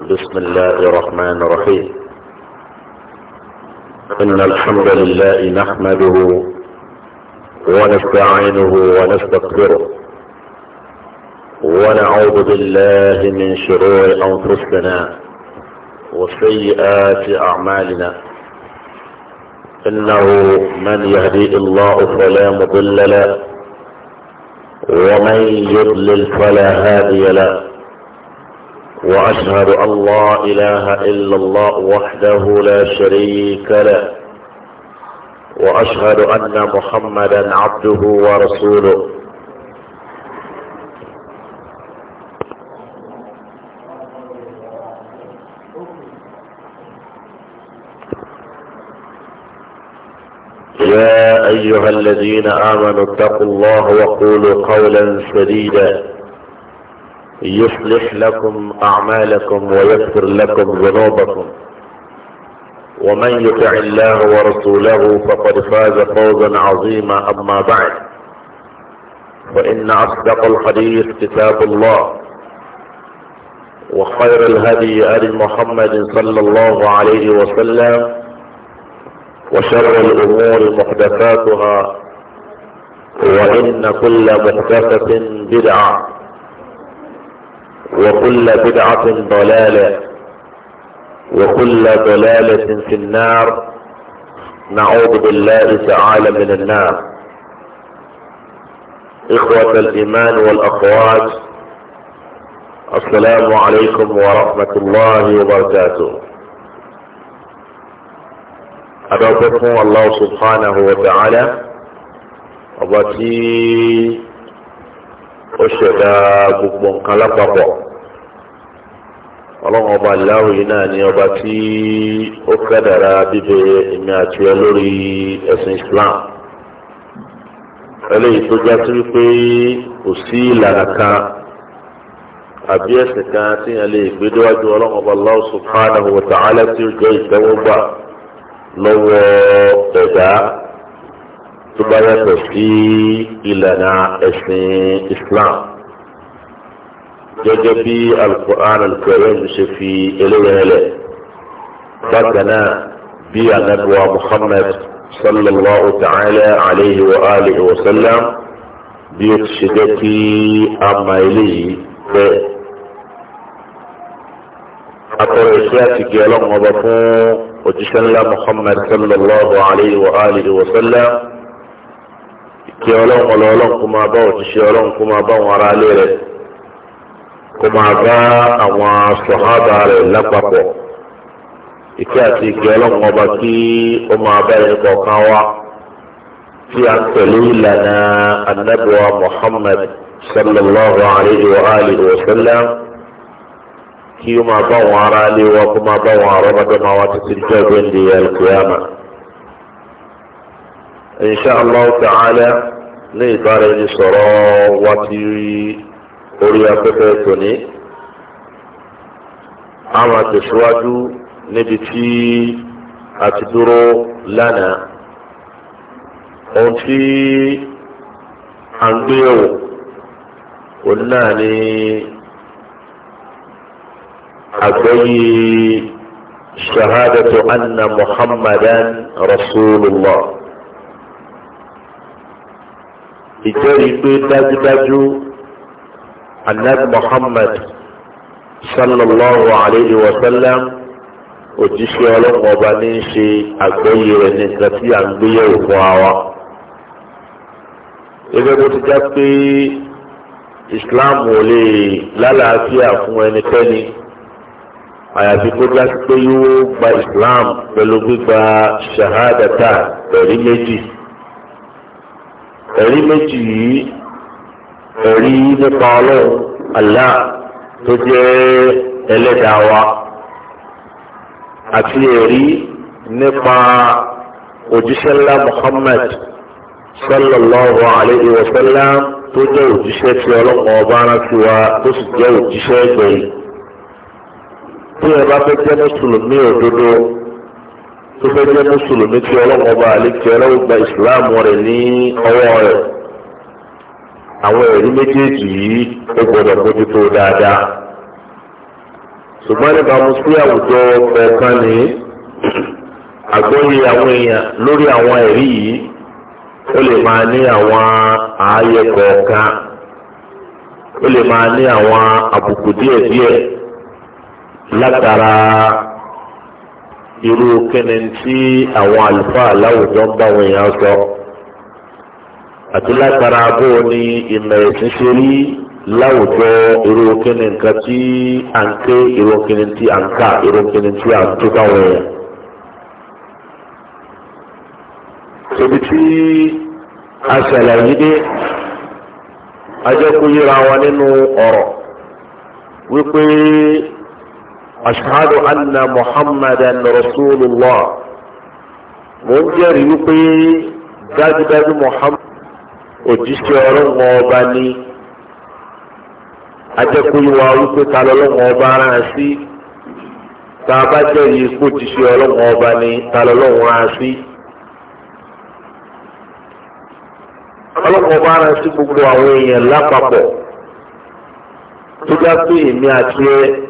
بسم الله الرحمن الرحيم إن الحمد لله نحمده ونستعينه ونستغفره ونعوذ بالله من شرور أنفسنا وسيئات أعمالنا إنه من يهدي الله فلا مضل له ومن يضلل فلا هادي له وأشهد أن لا إله إلا الله وحده لا شريك له وأشهد أن محمدا عبده ورسوله يا أيها الذين آمنوا اتقوا الله وقولوا قولا سديدا يصلح لكم أعمالكم ويغفر لكم ذنوبكم ومن يطع الله ورسوله فقد فاز فوزا عظيما أما بعد فإن أصدق الحديث كتاب الله وخير الهدي آل محمد صلى الله عليه وسلم وشر الأمور محدثاتها وإن كل محدثة بدعة وكل بدعة ضلالة وكل ضلالة في النار نعوذ بالله تعالى من النار إخوة الإيمان والأخوات السلام عليكم ورحمة الله وبركاته أدعوكم الله سبحانه وتعالى وبركاته ó ṣẹ̀dá gbogbo nǹkan lápapọ̀ ọlọ́run ọba aláwọ̀ yìí náà ni ọba tí ó kádàrá bíbẹ èmi àti ẹ lórí ẹ̀sìn Islam eléyìí tó já sí wípé kò sí ìlànà kan àbí ẹ̀sìn kan tí yẹn lè gbé déwájú ọlọ́run ọba aláwọ̀ subhanahu wa ta'ala tí ó jẹ́ ìtẹ́wọ́gbà lọ́wọ́ ẹ̀dá. tó bá yàtọ̀ sí ìlànà ẹ̀sìn Islam gẹ́gẹ́ bí alukur'an alukur'an ṣe fi eléyìí lẹ̀ bákan náà bí anabiwa Muhammad sallallahu ta'ala alayhi wa alihi wa sallam bí o ti ṣe jẹ́ kí a ma eléyìí bẹ́ẹ̀. atọ́rọ̀ iṣẹ́ àti gẹ̀ ọlọ́mọba fún òjíṣẹ́ ńlá Muhammad sallallahu alayhi wa alihi wa sallam. kí ọlọ́run ọlọ́ ọlọ́run kó máa bá òṣìṣẹ́ ọlọ́run kó máa bá àwọn ará ilé rẹ̀ kó máa bá àwọn sọ̀hábà rẹ̀ lápapọ̀ ìfẹ́ àti ìkẹ́ ọlọ́run ọba kí ó máa bá ẹni kọ̀ọ̀kan wá tí a ń ìlànà anábìwá Muhammad sallallahu alayhi wa alihi wa sallam kí ó máa bá àwọn ará ilé wa kó máa bá àwọn ará ọmọdé máa wá títí jẹ́ ọgbẹ́ni ìyá إن شاء الله تعالى لإدارة الصلاة وتيري أولياء فتاتني أما تسواجو نبتي أتدرو لنا أنتي أنبيو قلنا لي أبي شهادة أن محمدا رسول الله ìjẹ́rìí pé dájúdájú anabi muhammad sallallahu alayhi wa sallam òjíṣẹ́ ọlọ́run ọba ní í ṣe àgbọ́yé rẹ̀ ní nǹkan tí à ń gbéyẹ̀wò fún wa. gẹ́gẹ́ bó ti já pé islam ò lè lálàáfíà fún ẹnikẹ́ni àyàfi kó já pé yóò gba islam pẹ̀lú gbígba shahadata pẹ̀lú méjì ẹ̀rí méjì yìí ẹ̀rí nípa ọlọ́run Allah tó jẹ́ ẹlẹ́dàá wa àti ẹ̀rí nípa òjíṣẹ́ ńlá Muhammad sallallahu alayhi wa sallam tó jẹ́ òjíṣẹ́ tí ọlọ́pàá ọba rántí wa tó sì jẹ́ òjíṣẹ́ ẹgbẹ̀yìn. tí ẹ bá fẹ́ jẹ́ mùsùlùmí òdodo tó fẹ́ jẹ́ mùsùlùmí tí ọlọ́wọ́ bá àlékè ọlọ́wọ́ gba ìsìláàmù rẹ̀ ní ọwọ́ rẹ̀ àwọn ẹ̀rí méjèèjì yìí ó gbọdọ̀ bójútó dáadáa ṣùgbọ́n nípa mo sí àwùjọ kọ̀ọ̀kan ní àgbọ́yé àwọn èèyàn lórí àwọn ẹ̀rí yìí ó lè máa ní àwọn ààyè kọ̀ọ̀kan ó lè máa ní àwọn àbùkù díẹ̀díẹ̀ látara irú kẹ́ni tí àwọn àlùfáà láwùjọ ń bá wọn èèyàn sọ àti látara bó ni ìmọ̀ ẹ̀sìn ṣe rí láwùjọ irú kẹ́ni nǹkan tí à ń ké irú kẹ́ni tí à ń kà irú kẹ́ni tí à ń tó báwọn èèyàn. ibi tí a ṣàlàyé dé ajẹ́kùn yíra wa nínú ọ̀rọ̀ wípé ashhadu anna muhammadan rasulullah mo ń jẹ́rìí wípé dájúdájú muhammad òjíṣẹ́ ọlọ́wọ́ ọba ní ajẹ́kùyíwá wípé ta lọ́lọ́wọ́ ọba rán sí tá a bá jẹ́rìí ikú òjíṣẹ́ ọlọ́wọ́ ọba ní ta lọ́lọ́wọ́ rán sí. ọlọ́wọ́ ọba rán sí gbogbo àwọn èèyàn lápapọ̀ tó dá pé èmi àti ẹ.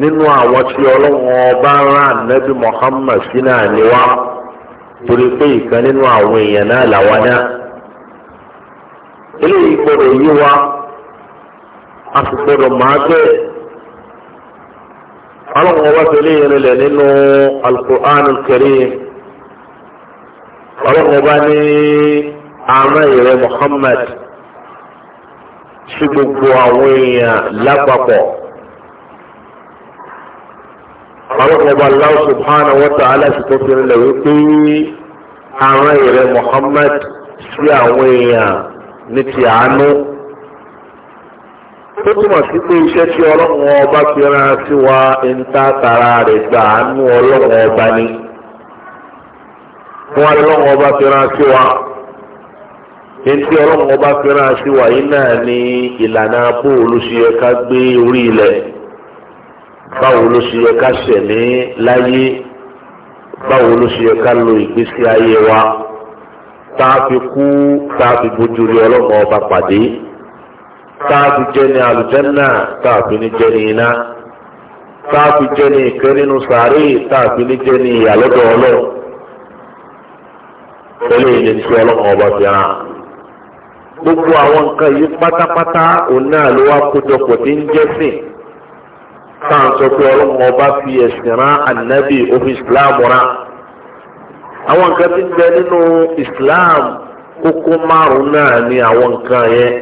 nínú àwọn tí ọlọ́wọ́n ọba rán nẹ́bí Muhammad sínú àníwá torí pé ìkan nínú àwọn èèyàn náà làwọn náà. eléyìí gbọdọ̀ yí wa a sì gbọdọ̀ máa bẹ́ẹ̀. ọlọ́wọ́n ọba nínú Al-Qur'an ọlọ́wọ́n ọba ní gbogbo àwọn èèyàn lápapọ̀. ọlọ́run ọba Allah subhanahu wa ta'ala sì tó fi rinlẹ̀ wípé àwọn ìrẹ́ Muhammad sí àwọn èèyàn ní ti àánú tó túmọ̀ sí pé iṣẹ́ tí ọlọ́run ọba fi ran sí wa ń ta tara rẹ̀ gba àánú ọlọ́run ọba ni wọn ọlọ́run ọba fi ran sí wa ntí ọlọ́run ọba fi ran sí wa yìí náà ní ìlànà bóòlù ṣe ká gbé orí ilẹ̀ báwo ló ṣe yẹ ká ṣẹ̀mí láyé báwo ló ṣe yẹ ká lo ìgbésí ayé wa tá a fi kú tá a fi bójú rí ọlọ́mọ ọba pàdé tá a fi jẹ́ ní àlùjànnà tá a fi ní jẹ́ ní iná tá a fi jẹ́ ní ìkẹ́ nínú sàárè tá a fi ní jẹ́ ní ìyàlọ́dọ̀ ọlọ́run pẹ̀lú ìyẹn ọlọ́mọ ọba fi hàn gbogbo àwọn nǹkan yìí pátápátá òun náà ló wá kójọpọ̀ tí ń jẹ́ sìn kan sọ pé ọlọ́run ọba fi ẹ̀sìn rán ànábì òfin islam rán àwọn nǹkan tí ń bẹ nínú islam kókó márùn-ún náà ni àwọn nǹkan yẹn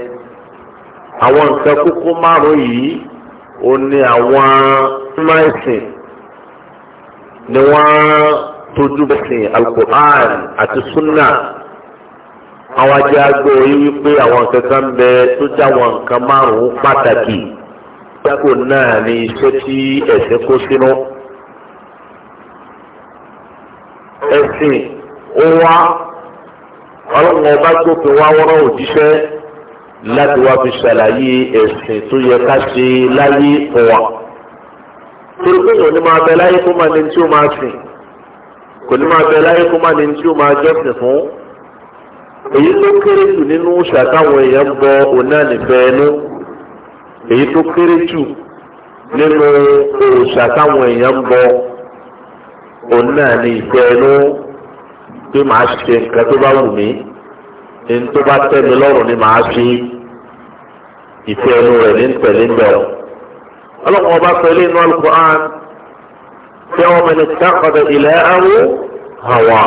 àwọn nǹkan kókó márùn-ún yìí ó ní àwọn mẹ́sìn ni wọ́n tójú bẹ̀sìn alukur'an àti sunna àwọn ajé agbóyè wípé àwọn nǹkan kan bẹ tó jẹ́ àwọn nǹkan márùn-ún pàtàkì tako náà ni iṣẹ́ tí ẹ̀sìn kó sínú ẹ̀sìn ó wá ọlọ́run ọba tó fi wá wọ́rọ́ òjíṣẹ́ láti wá fi ṣàlàyé ẹ̀sìn tó yẹ ká ṣe láyé fún wa torí pé òní máa bẹ láyé kó máa ní tí ó máa sìn kò ní máa bẹ láyé kó máa ní tí ó máa jọ́sìn fún èyí ló kéré jù nínú ṣàtàwọn èèyàn bọ òun náà nífẹ̀ẹ́ èyí tó kéré jù nínú òòṣà táwọn èèyàn ń bọ òun náà ni ìfẹ́ ẹnu pé màá ṣe nǹkan tó bá wù mí ní tó bá tẹ́ mi lọ́rùn ni màá fi ìfẹ́ ẹnu rẹ̀ ní tẹ̀lé ń bẹ̀rù. ọlọ́kùnrin ọba pẹ̀lú inú alukur'an tí wọ́n mẹ́ni tákọ̀dọ̀ ilẹ̀ ẹ̀rú hàwà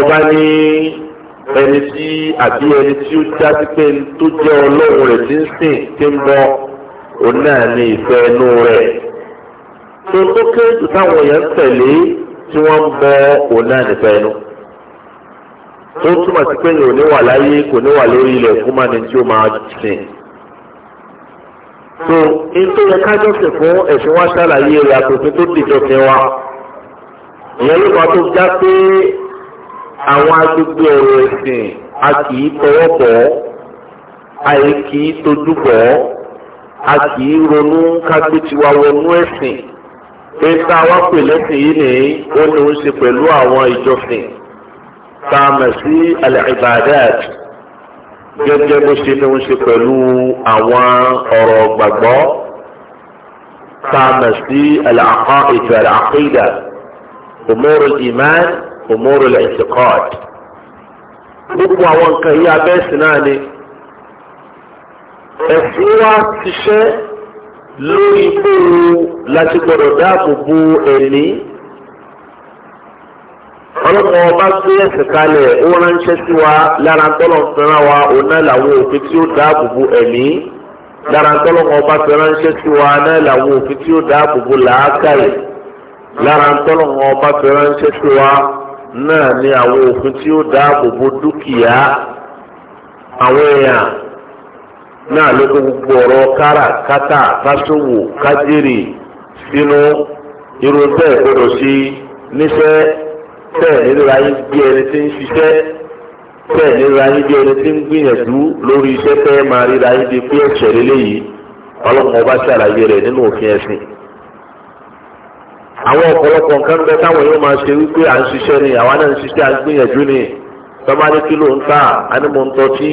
ọba ní. ẹni tí àbí ẹni tí ó jáde pé tó jẹ́ ọlọ́run rẹ̀ ti ń sìn ti ń bọ òun náà ní ìfẹ́ inú rẹ̀ tó tó kéré jù táwọn èèyàn tẹ̀lé tí wọ́n ń bọ òun náà nífẹ́ inú tó túmọ̀ sí pé yòó níwà láyé kò níwà lórí ilẹ̀ kó má ní tí ó máa sìn tó ní tó yẹ kájọ́ sìn fún ẹ̀sìn wá ṣàlàyé rẹ̀ àtòfin tó dìjọ́ fi wá ìyẹn ló máa tó já pé àwọn agbègbè ọ̀rọ̀ ẹ̀sìn a kì í tọwọ́ bọ̀ àyè kì í tojú bọ̀ a kì í ronú kágbé tiwa wọnú ẹ̀sìn pé tá a wá pè lẹ́sìn yìí ni ó ní ó ń ṣe pẹ̀lú àwọn ìjọsìn tá a mọ̀ sí al gẹ́gẹ́ bó ṣe ní ó ń ṣe pẹ̀lú àwọn ọ̀rọ̀ gbàgbọ́ tá a mọ̀ sí al-aqaid al-aqida umur al òmòrò lẹ́sìkọ́ọ̀d gbogbo àwọn nǹkan yìí abẹ́sì náà ni ẹ̀sìn wa ṣiṣẹ́ lórí bó láti gbọ́dọ̀ dáàbò bo ẹ̀mí ọlọ́pàá ọba gbé ẹ̀sìn kalẹ̀ ó ránṣẹ́ sí wa lára tọ́lọ̀ wa òun náà làwọn òfin tí ó dáàbò bo ẹ̀mí lára tọ́lọ́mọ ọba fi ránṣẹ́ sí wa náà làwọn òfin tí ó dáàbò bo làákàyè lára tọ́lọ́mọ ọba fi ránṣẹ́ sí wa náà ni àwọn òfin tí ó dáàbò bo dúkìá àwọn èèyàn náà ló kó gbogbo ọ̀rọ̀ káràkátà kásòwò kájèrè sínú irú bẹ́ẹ̀ gbọ́dọ̀ sí níṣẹ́ bẹ́ẹ̀ nílò ayé bí ẹni tí ń ṣiṣẹ́ bẹ́ẹ̀ nílò ayé bí ẹni tí ń gbìyànjú lórí iṣẹ́ fẹ́ máa ríra ayé di pé ẹ̀ṣẹ̀ lélẹ́yìí ọlọ́mọba ṣàlàyé rẹ̀ nínú òfin ẹ̀sìn. àwọn ọ̀pọ̀lọpọ̀ nǹkan bẹ táwọn yóò máa ṣe wípé à ń ṣiṣẹ́ ni àwa náà ń ṣiṣẹ́ à ni tọ́ba ní kí ló ń tà á ní mo ń tọ́tí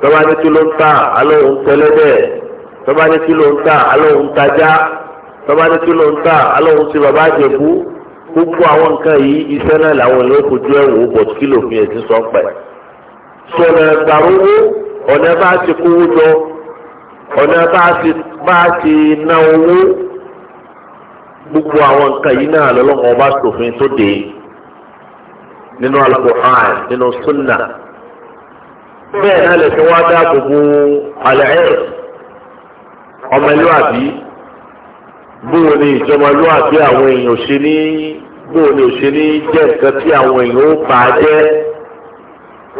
tọ́ba ní kí ló ń tà á lóun tẹ́lẹ́dẹ̀ tọ́ba ní kí ló ń tà á lóun tajá tọ́ba ní kí ló ń tà á lóun ti bàbá àjẹkú gbogbo àwọn nǹkan yìí iṣẹ́ náà làwọn yóò fojú ẹ̀ wò bọ̀t kí ló fi ẹ̀sìn sọ pẹ̀. sọ̀nà ìgbàrúwó gbogbo àwọn nǹkan yìí náà lọ́lọ́wọ́ bá ṣòfin tó dé nínú Al-Qur'an nínú sunna bẹ́ẹ̀ náà lè fi wá dá gbogbo àlẹ́ ọmọlúwàbí bóò ni ìjọmọlúwàbí àwọn èèyàn ṣe ní bóò ni òṣè ní jẹ́ nǹkan tí àwọn èèyàn ó bà á jẹ́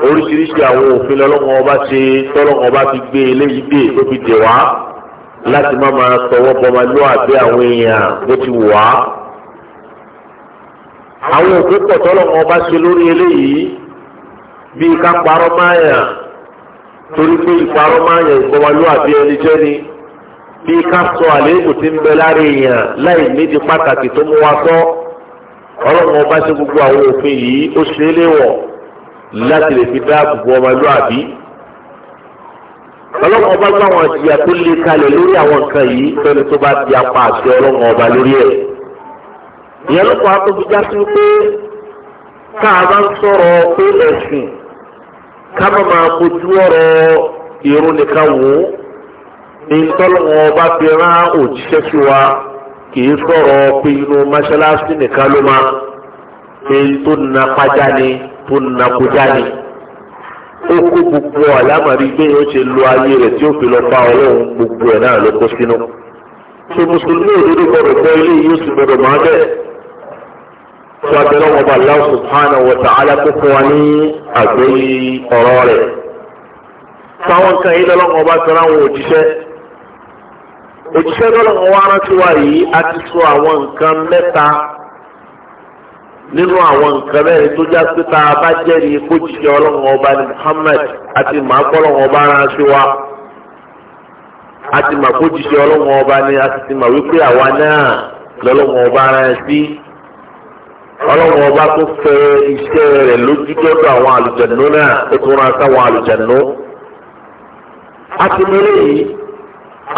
oríṣiríṣi àwọn òfin lọ́lọ́wọ́ bá ṣe tọ́lọ́wọ́ bá ti gbé eléyìí dé tó fi dè wá láti má máa sọwọ́ bọmọlúwàbí àwọn èèyàn bó ti wà á. àwọn òkú pọ̀ tọ́lọ́mọ bá ṣe lórí eléyìí bíi ká parọ́ máa yàn torí pé ìparọ́ máa yàn ìbọmọlúwàbí ẹni jẹ́ ni bíi ká sọ àléébù tí ń bẹ lára èèyàn láì nídìí pàtàkì tó mú wa sọ ọlọ́mọ bá ṣe gbogbo àwọn òfin yìí ó ṣe é léwọ̀ láti lè fi dáàbò bo ọmọlúwàbí ọlọ́run ọba gbọ́ àwọn ìjìyà tó lè kalẹ̀ lórí àwọn nǹkan yìí fẹ́ni tó bá di apá àti ọlọ́run ọba lórí ẹ̀. ìyẹn ló kọ́ àtúntò já sí pé ká a máa ń sọ̀rọ̀ pé ẹ̀sìn ká má máa kojú ọ̀rọ̀ ìrun nìkan wò ó ní tọ́lọ́run ọba fi rán òjíṣẹ́ sí wa kì í sọ̀rọ̀ pé inú mọ́ṣáláṣí nìkan ló máa ń tó nà ni tó nà ni ó kó gbogbo àlámàrí pé ó ṣe lo ayé rẹ̀ tí ó fi lọ bá ọlọ́run gbogbo ẹ̀ náà ló kó sínú. tó mùsùlùmí òdodo gbọdọ̀ gbọ́ ilé yìí ó sì gbọdọ̀ máa bẹ́ẹ̀. tó abẹ́rẹ́ wọn bá Allah subhanahu wa ta'ala wa ní àgbẹ̀yí ọ̀rọ̀ rẹ̀. táwọn kan yìí lọ́lọ́wọ́ bá sọ láwọn òjíṣẹ́. òjíṣẹ́ lọ́lọ́wọ́ wa wa yìí á ti sọ àwọn nǹkan mẹ́ta nínú àwọn nǹkan mẹ́rin tó já pé tá a bá jẹ́rìí kó jíjẹ ọlọ́run ọba ní Muhammad àti màá kọ́lọ́run ọba ránṣẹ́ wa àti màá kó jíjẹ ọlọ́run ọba ní àti ti màá wípé àwa náà lọ́lọ́run ọba ránṣẹ́ ọlọ́run ọba tó fẹ́ iṣẹ́ rẹ̀ lójúdọ́dọ̀ àwọn àlùjànnú náà ó tún ránṣẹ́ àwọn àlùjànnú. a ti yìí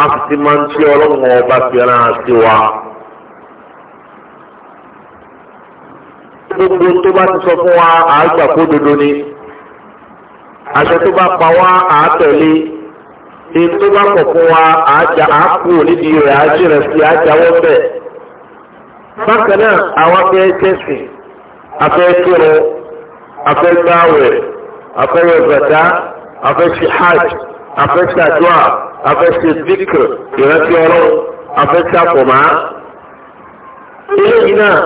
a ti máa ń ṣe ọlọ́run ọba fi ránṣẹ́ wa. gbogbo tó bá ti sọ fún wa àgbà kó dodo ni àṣẹ tó bá pa wá àtẹ̀lé ní tó bá pọ̀ fún wa àjà àpò nídìí rẹ̀ àjẹ́ rẹ̀ sí àjáwọ́ bẹ̀. bákan náà àwọn afẹ́ tẹ̀sìn afẹ́ kírun afẹ́ gbáwẹ̀ afẹ́ rẹ̀bẹ̀dá afẹ́ ṣe hajj afẹ́ ṣàdúrà afẹ́ ṣe zikr ìrántí ọlọ́run afẹ́ ṣàpọ̀mọ́. eléyìí náà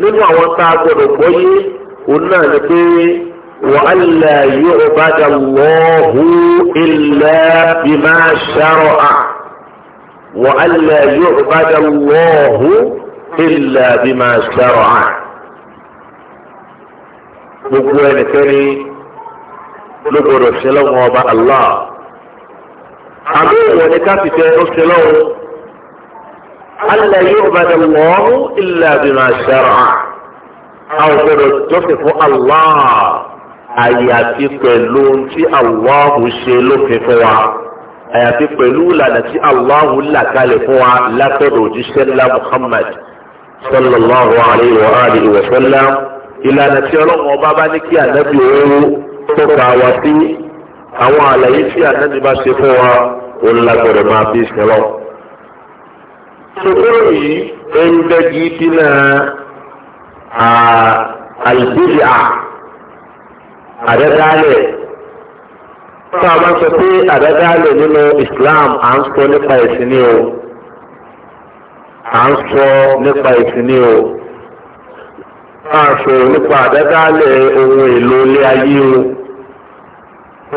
nínú àwọn tá a gbọdọ̀ gbọ́ yé òun náà ni pé wàhálà yóò bá dà lọ́hù illa bima shara'a wàhálà yóò bá dà lọ́hù illa bima à. gbogbo ẹnikẹ́ni ló gbọdọ̀ ṣẹlẹ̀ wọn ọba Allah àbí ìwọ ni ká fi tẹ ó ṣẹlẹ̀ wọn. alẹ́ yóò bá dẹ̀ wọ́n ilẹ̀ àbínú àṣàrà àwọn gbọdọ̀ jọ́sìn fún allah àyàfi pẹ̀lú ohun tí allah ṣe lófin fún wa àyàfi pẹ̀lú ìlànà tí allah là kalẹ̀ fún wa látọ̀dọ̀ òjíṣẹ́ ńlá muhammad sallallahu alayhi wa alihi wa sallam ìlànà tí ọlọ́run ọba bá ní kí ànábì tó ka wá sí àwọn àlàyé tí ànábì bá ṣe fún wa òun lágbọ̀dọ̀ máa fi ṣẹlọ́ọ̀. Sukuru yìí ń bẹ gidina àlùbíyà àdádálẹ̀. Fún àwọn sọ pé àdádálẹ̀ nínú Islam à ń sọ nípa ẹ̀sìn ni o. À ń sọ nípa ẹ̀sìn ni o. Fún àṣọ nípa àdádálẹ̀ ohun èlò ilé ayé o.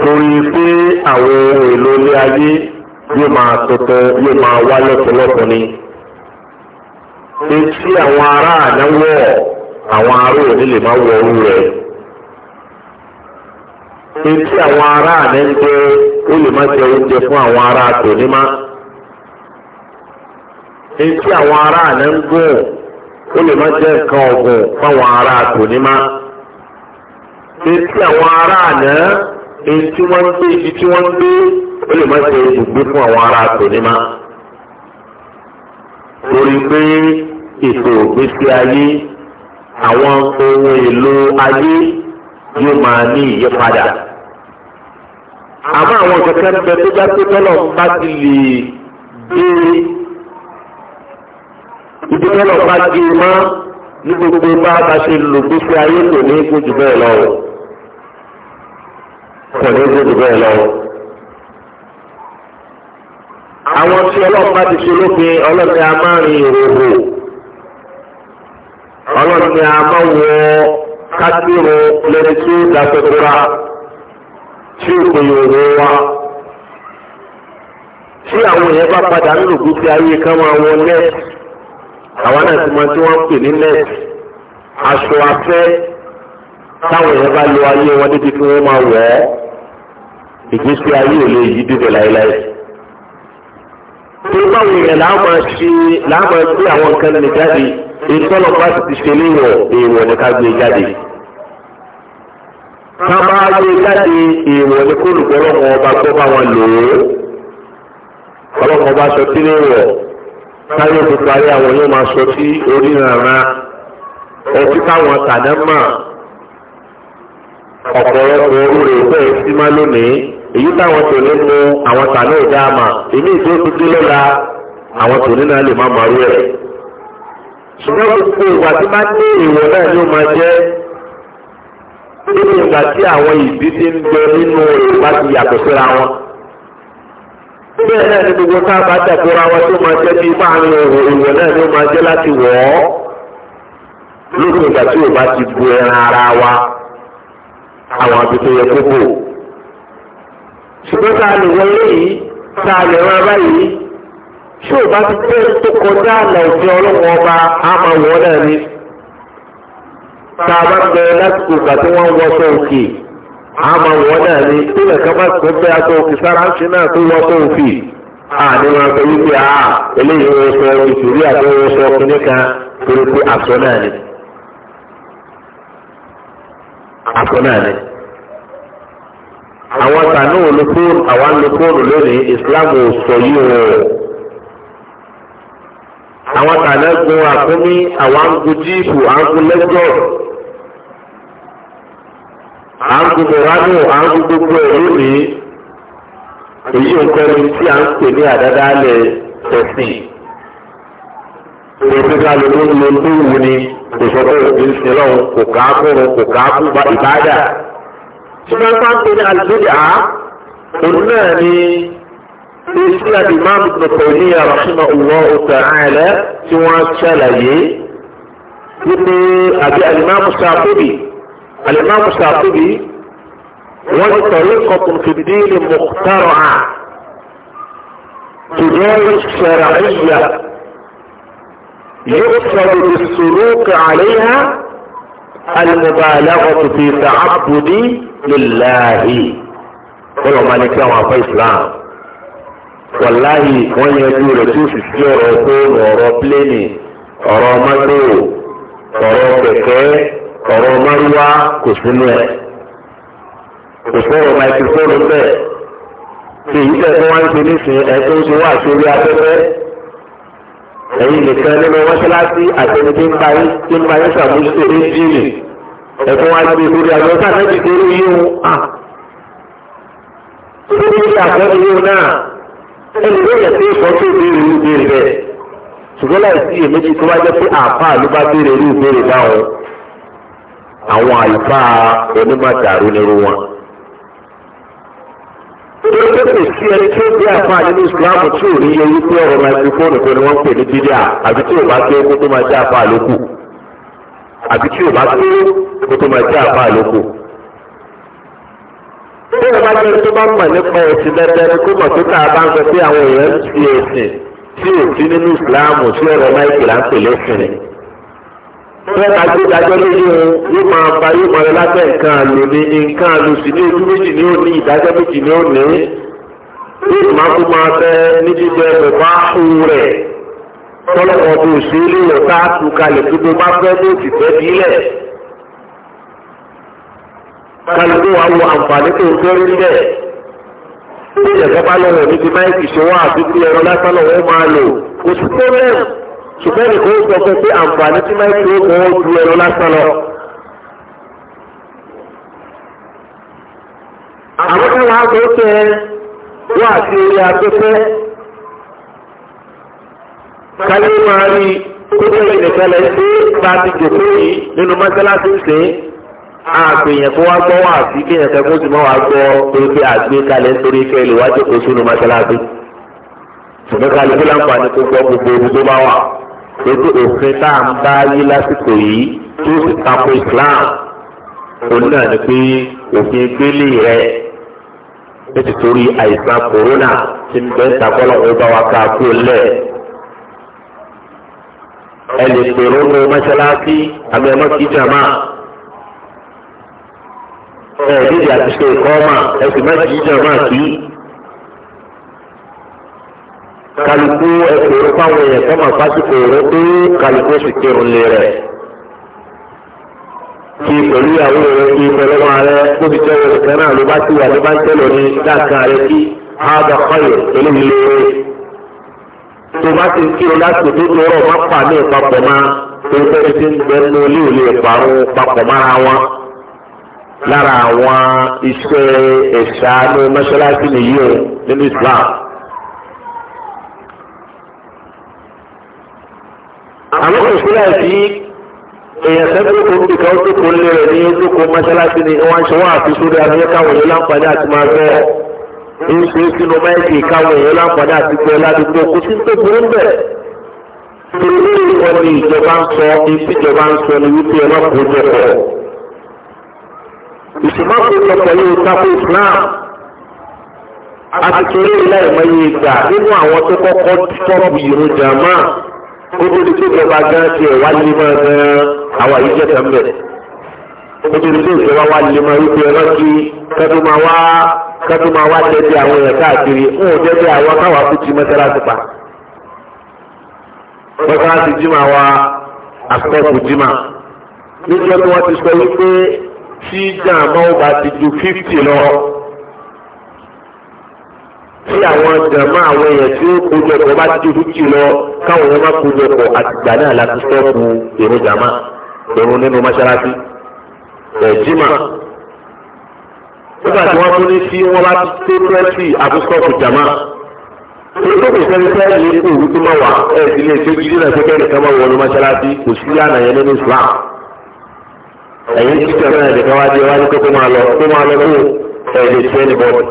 Torí pé àwọn ohun èlò ilé ayé yóò máa tuntun yóò máa wá lọ́pọ̀lọpọ̀ ni. etí àwọn ará àdáwọ̀ àwọn ará òní lè má wọ orú rẹ̀ etí àwọn ará àná ó lè má jẹ oúnjẹ fún àwọn ará tòní má etí àwọn ará àná ń ó lè má jẹ nǹkan ọ̀gùn fáwọn ará tòní má etí àwọn ará àná etí gbé ibi tí gbé ó àwọn ará tòní ètò ìgbésí ayé àwọn ohun èlò ayé yóò máa ní ìyípadà àmọ́ àwọn kẹ̀kẹ́ ń bẹ tó bá tó tọ́lọ̀ ń bá ti lè dé ibi tọ́lọ̀ bá dé mọ́ ní gbogbo bá a bá ṣe lò gbèsè ayé kò ní kó jù bẹ́ẹ̀ lọ kò ní kó jù bẹ́ẹ̀ lọ. àwọn tí ọlọ́run ti ṣe lópin ọlọ́run máa rin ìròrò ọlọ́run ni a máa wọ kásìrò lẹ́ni tí ó dàtọ̀tọ̀ra tí ó pè yòòrò wa tí àwọn èèyàn bá padà ń lògbó sí ayé kan máa wọ nẹ́ẹ̀tì àwọn náà ti mọ tí wọ́n ń pè ní nẹ́ẹ̀tì aṣọ afẹ́ táwọn èèyàn bá lo ayé wọn débi kí wọ́n máa wọ̀ ọ́ ìgbésí ayé ò lè yí dìbò láéláé tó báwo yẹn làá ṣe làá máa àwọn nǹkan lè jáde ìtọ́nà bá ti ti ṣe léwọ̀ èèwọ̀ ni ká gbé jáde ká bá gbé jáde èèwọ̀ ni kó lùgbọ́ lọ́wọ́ ọba gbọ́ bá wọn lò ó ọlọ́wọ́ bá sọ sí léwọ̀ táyọ̀ ti parí àwọn yóò máa sọ sí onírànà ọtí táwọn tàdámà ọ̀pọ̀lọpọ̀ orúurè bẹ́ẹ̀ sí má lónìí èyí táwọn tòní mú àwọn tàná ìdáàmà èmi ìdó tuntun lọ́la àwọn tòní náà lè má màrú ẹ̀ ṣùgbọ́n gbogbo ìgbà tí bá ní ìwọ náà ni ó máa jẹ́ nínú ìgbà tí àwọn ìdí ti ń bẹ nínú ìgbà ti yàtọ̀ síra wọn. bẹ́ẹ̀ náà ni gbogbo tá a bá dàgbóra wọn tó máa jẹ́ bí máàrin òwò ìwọ náà ni máa jẹ́ láti wọ̀ ọ́ lókè ìgbà tí ò ti bu ẹran ara wa àwọn àbí tó yẹ kókó. ṣùgbọ́n tá a lè wọlé yìí tá a lè rán báyìí. tí o bá ti tẹ́ tó kọjá àlà òfin ọlọ́wọ́ ọba a ma náà ni. tá a bá bẹ lásìkò ìgbà tí wọ́n ń òkè a náà ni tí nìkan bá tó bẹ́ aṣọ òkè sára ṣe náà tó a sọ wípé a eléyìí wọ́n sọ ìṣòrí àti wọ́n sọ ọkùnrin kan torí pé aṣọ náà ni. aṣọ náà ni. àwọn sọ yìí àwọn kàlẹ́ gun àkúnmí àwọn àǹgù jíìpù àǹgù lẹ́jọ́ àǹgù mùránù àǹgù gbogbo ẹ̀ lónìí èyí nǹkan ni tí à ń pè ní àdádálẹ̀ tẹ̀sìn òfin kalu ló ń lo tó wù ni kò sọ pé òfin sin lọ́hùn kò ká kúrò kò ká kú ba ìbádà. ṣùgbọ́n sáńpé ní alùpùpù òun náà ni. tí sílẹ̀ imam Taymiyya rahimahullahu ta'ala tí wọ́n ṣàlàyé wípé àbí alimami Shatibi alimami Shatibi wọ́n ti tọ̀rí kọkùn fìdílì mọ̀kútàrọ̀ à tùdọ́rù ṣẹ̀ràìyà يقصد بالسلوك عليها المبالغة في تعبد لله. قولوا مالك يا وفي إسلام. wàláhì wọ́n yanjú rẹ̀ tí ó sì sí ọ̀rọ̀ fóònù ọ̀rọ̀ pléènì ọ̀rọ̀ mọ́tò ọ̀rọ̀ kẹ̀kẹ́ ọ̀rọ̀ márúwá kò sínú ẹ̀ kò sọ̀rọ̀ máìkrófóònù bẹ́ẹ̀ tí èyí tẹ̀ fún wọn ti nísìnyí ẹ̀ tó ń ṣe wá sórí afẹ́fẹ́ ẹ̀yin nìkan nínú mọ́ṣáláṣí àtẹni tí ń parí tí ń parí sàmúlò ẹ́ńjìnì ẹ̀fún wa ti lórí àjọ sáfẹ́ ẹni ló yẹ pé ìfọ́ tó béèrè irú béèrè bẹ́ẹ̀ ṣùgbọ́n láì sí èméjì tó wá jẹ́ pé àáfàá ló bá béèrè irú béèrè báwọn àwọn àlùfáà onímọ̀dàrú nírú wọn. Ṣé pé kò sí ẹni tó bí àáfàá nínú ìsìlámù tí ò ní yẹ wípé ọ̀rọ̀ máikrófóònù kan ni wọ́n ń pè ní bídíà àbí tí ò bá gbé kó tó máa jẹ́ àáfàá lókù àbí tí ò bá gbé kó tó máa jẹ́ àáfàá lókù tí wọ́n bá jẹ́ tó bá mọ̀ nípa ẹ̀sìn dandan ni kó mọ̀ tó tà bá ń sọ pé àwọn èèyàn ń fi ẹ̀sìn tí ò sí nínú ìsìláàmù sí ọ̀rọ̀ máìkì là ń pè lẹ́sìn. Fẹ́ ká gbé dájọ́ lórí o, yóò máa ba yóò máa lọ lábẹ́ nǹkan àlò ní nǹkan àlò sí ní ojú méjì ní òní ìdájọ́ méjì ní òní. Yóò máa kó máa bẹ ní jíjẹ bẹ̀bá òun rẹ̀. Tọ́lọ́mọ kálukú wa wo àǹfààní tó ń fẹ́rí bẹ́ẹ̀. ó yẹ kọ́ bá lọ́wọ́ ní ti máìkì ṣòwò àti ti ẹ̀rọ lásán lọ́wọ́ máa lò kò sí pẹ́ẹ́rẹ́ ṣùgbọ́n nìkan ó sọ fún pé àǹfààní tí máìkì ó kọ́ ju ẹ̀rọ lásán lọ. àwọn táwọn agbóṣe wà sí orí afẹ́fẹ́ kálí máa rí kó jẹ́ ìdẹ̀kẹ́lẹ̀ bá ti jòkó yìí nínú mọ́sálásí ṣe é. àpèyàn kó wá gbọ́ wá sí kí ẹ̀ka kó sì mọ́ wá gbọ́ torí pé àgbékalẹ̀ nítorí kẹ́ lè sínú mọ́ṣáláṣí. ṣùgbọ́n láǹfààní gbogbo ibi tó bá wà. ètò òfin tá à ń bá yí Islam òun náà ni pé òfin gbélé rẹ ètò torí àìsàn kòrónà ti ń bẹ́ bá wa ká lẹ̀. ẹ lè mọ́ṣáláṣí ẹ̀ẹ́dìdì àti ṣe ìkọ́ ọmọ ẹ̀sìn má jì í jẹ́ ọmọ àti kálukú ẹ̀sìn orúkọ àwọn èèyàn tó máa pásítọ̀ rẹ pé kálukú sì kírun lé rẹ̀ kí pẹ̀lú ìyàwó rẹ kí pẹ̀lú ọmọ rẹ tóbi jẹ́ òun kan náà ló bá ti wà ló bá ń tẹ̀lọ̀ ní dáàkan rẹ kí ága kọ́yọ̀ pẹ̀lú mi lóore tó bá ti kí o lásìkò tó tó rọ̀ má pàdé ìpapọ̀ lára àwọn iṣẹ́ ẹ̀ṣá ní mọ́ṣáláṣí nìyí o nínú Islam. àwọn kò sílẹ̀ sí èèyàn sẹ́gbẹ́ tó ń bì kan tó kún lé rẹ̀ ní ojú kún mọ́ṣáláṣí ni wọ́n ṣe wọ́n àfi sórí abẹ́yẹ́ káwọn èèyàn láǹfààní àti máa gbọ́ ń ṣe sínú mẹ́ẹ̀kì káwọn èèyàn láǹfààní àti gbọ́ ládùúgbò kò sí tó burú bẹ́ẹ̀. torí ìwọ ni ìjọba ń sọ ibi ìjọba ń sọ ni wípé ẹ má kó jẹ pọ̀ ìsìmọ́kùnrin pẹ̀lú ìtakò Islam àti kéré láìmọye ìgbà nínú àwọn tó kọ́kọ́ tọ́pù ìròjà máa ó tó di pé ìjọba gan ti ẹ̀ wá lé máa gan àwa yìí jẹ́ tẹ́ḿbẹ̀. ó tó di pé ìjọba wá lé máa wípé ẹ lọ́kì kẹ́tù máa wá kẹ́tù máa wá dẹ́bi àwọn èèyàn káàkiri ń ò dẹ́bi àwọn káwa kú ti mọ́sálásí pa. mọ́sálásí jimá wa àkọ́kù jimá níjọ́ tí wọ́n ti sọ wípé tí jàmọ́ ọba ti ju fifty lọ tí àwọn jàmọ́ àwọn èèyàn tí ó kojú ẹ̀kọ́ bá ti ju fifty lọ káwọn èèyàn má kojú ẹ̀kọ́ àtìgbà náà láti sọ́ọ̀kù èrò jàmọ́ èrò nínú mọ́ṣáláṣí ẹ̀jímà nígbà tí wọ́n tún ní sí wọ́n bá ti tó twenty àti sọ́ọ̀kù jàmọ́ olùdókòwò sẹ́ni sẹ́ni ní kò wí tó máa wà ẹ̀ sílé ìṣèjì nílẹ̀ pé kẹ́nìkan máa wọnú mọ́ṣáláṣí kò sí àná yẹn nínú ẹ̀yìn tí kí ọ̀nà ẹ̀dẹ̀kan wá dé wá ní kókó máa lọ kó máa lọ kó ẹ̀dẹ̀ tí ẹni bọ́ọ̀dù.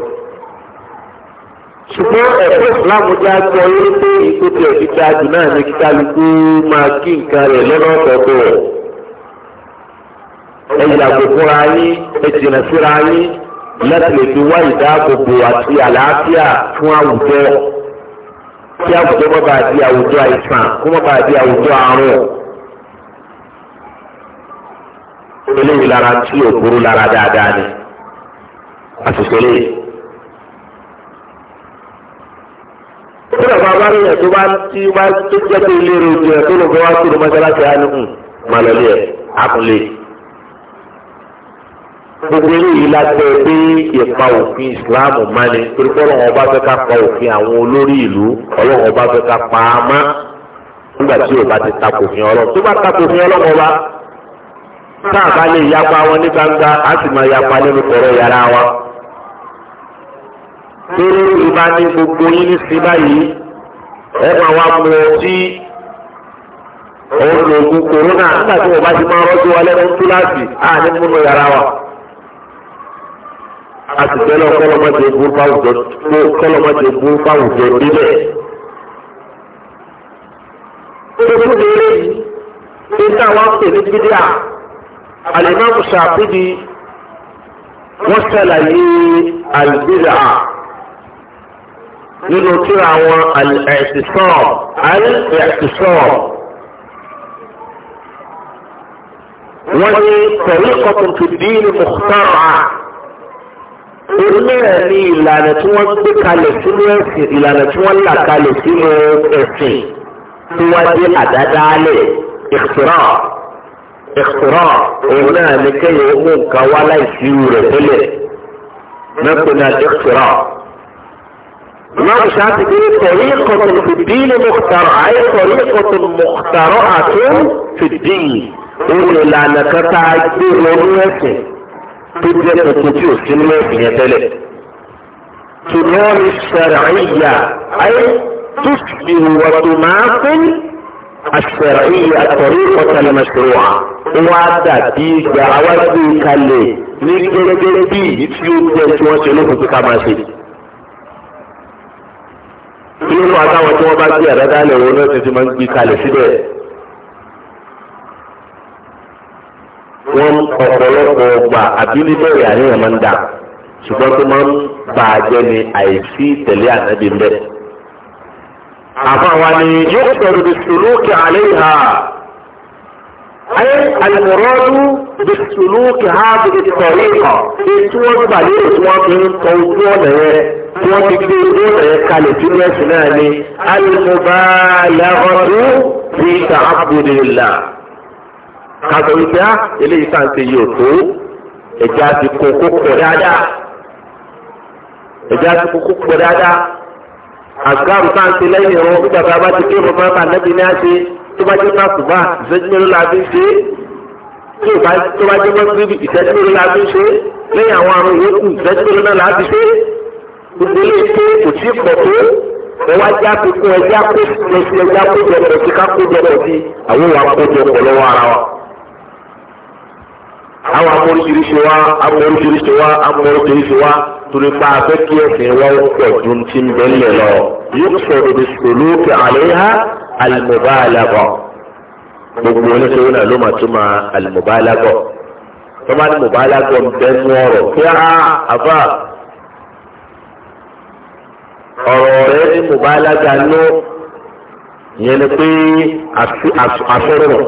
ṣùgbọ́n ẹ̀kọ́ ìsìláàmù já gbọ́ yé pé ikú tí ẹ̀sì ta jù náà ní kíkálukú máa kí nǹkan rẹ̀ lọ́nà ọ̀tọ̀ọ̀tọ̀ rẹ̀. ẹ yàgò fúnra yín ẹ jìnà síra yín láti lè fi wá ìdáàbòbò àti àlàáfíà fún àwùjọ kí àwùjọ má bàa di àwùjọ àìsàn kó má bàa di àwùjọ àrùn. eléyìí lára tí ò burú lára dáadáa ni àsìkò eléyìí. ó lè fa abárí yẹn tó bá tí ó bá tó jẹ́ pé ilé rẹ̀ jẹ́ tó lè fẹ́ wá kúrò mọ́sálásí á ní hùn hmm, máa lọ lé ẹ̀ á kún lé. gbogbo eléyìí la gbọ́ pé ìpa òfin ìsìláàmù má ni torí pé ọlọ́run ọba fẹ́ ká pa òfin àwọn olórí ìlú ọlọ́run ọba fẹ́ ká pa á mọ́ nígbà tí ò ti takò fi ọlọ́run tó bá takò fi ọlọ́run ọba. tá a bá lè yapa wọn ní gbangba a sì máa yapa nínú kọ̀rọ̀ yàrá wa. Tóró ìbá ní gbogbo yín ní sí báyìí, ẹ máa wá mú ọtí òun lòògùn kòrónà nígbà tí wọ́n bá ti máa wa kíláàsì ní múnú yàrá wa. A sì bẹ́ẹ̀ lọ kọ́lọ́mọdé burú fáwùjọ níbẹ̀. Tó alimami sàkúdi wọ́n ṣàlàyé alìbíra nínú kíra àwọn àìsísọ́ àìsísọ́ wọ́n ní pẹ̀lú kọ́tùn tó dínú mùsùlùmá orílẹ̀ ní ìlànà tí wọ́n gbé kalẹ̀ sínú ẹ̀sìn ìlànà tí wọ́n là kalẹ̀ sínú ẹ̀sìn tí wọ́n dé àdádálẹ̀ ìṣúra. اختراع هنا لكي يؤمنك ولا يسير تلي ما كنا اختراع ما شاعت دي طريقة في الدين مخترعة طريقة مخترعة في الدين هنا لانك تعجبه ونوك تبدأ تتوتيو سنوك يا تلي سنوك الشرعية أي تشبه وتماثل الشرعية الطريقة المشروعة وعدا دي دعوات دي كالي نجد دي تيوب دي تيوب سلوك كماسي nínú àtàwọn tí wọ́n bá gbé ẹ̀rọ dálẹ̀ òun náà ti ti máa ń gbé kalẹ̀ síbẹ̀ wọ́n ọ̀pọ̀lọpọ̀ ọgbà àbílíbẹ̀rẹ̀ àníyàn ń dà ṣùgbọ́n tó máa ń bàjẹ́ ni àìsí tẹ̀lé ànábì àfàwọn ni yóò pẹ̀lú bisulúkì àléhà ayé àlùmọ́rọ́dú bisulúkì ha bìbí tọ̀rí kan tí wọ́n gbà ní ètò wọn fi ń tọ ojú ọ̀nà yẹn tí wọ́n ti gbé ojú ọ̀nà yẹn kalẹ̀ sínú ẹ̀sìn náà ni àlùmọ́bàlẹ́rọ́dú fi ta'abbudillah kàtó ìgbà ah, eléyìí sáǹtì yóò tó ẹ̀jẹ̀ àti kókó pọ̀ dáadáa ẹ̀jẹ̀ àti kókó pọ̀ dáadáa àgbàrù tá à ń ṣe lẹ́yìn ìrún nígbà tá a bá ti kí ìrún máa bà nẹ́bi ní àṣẹ tó bá jẹ́ pàṣùbà ìṣẹ́jú mélòó la fi ṣe tó bá jẹ́ mọ́tìrì ìṣẹ́jú mélòó la fi ṣe lẹ́yìn àwọn àrùn yòókù ìṣẹ́jú mélòó náà la fi ṣe gbogbo ilé pé kò sí pọ̀ tó ẹ wá já pípín ẹjá kó ẹjá kó jẹ pọ̀ sí ká kó jẹ pọ̀ sí àwọn ìwà kó jẹ pọ̀ lọ́wọ́ ara wa àwọn amóríṣiríṣi wa amóríṣiríṣi wa amóríṣiríṣi wa torí pa afẹ́ kí ẹ̀sìn wa ó pọ̀ ju ti ń bẹ́lẹ̀ lọ. yóò sọ̀rọ̀ bí sòlóòkè àléhà àlùmọ̀bálàbọ̀ gbogbo oníṣòwò náà ló máa tún máa àlùmọ̀bálàbọ̀ tó bá ní mọ̀bálàbọ̀ ń bẹ́ nú ọ̀rọ̀ kí á àfà ọ̀rọ̀ rẹ ní mọ̀bálàgà ló yẹn ni pé àfẹ́rọ̀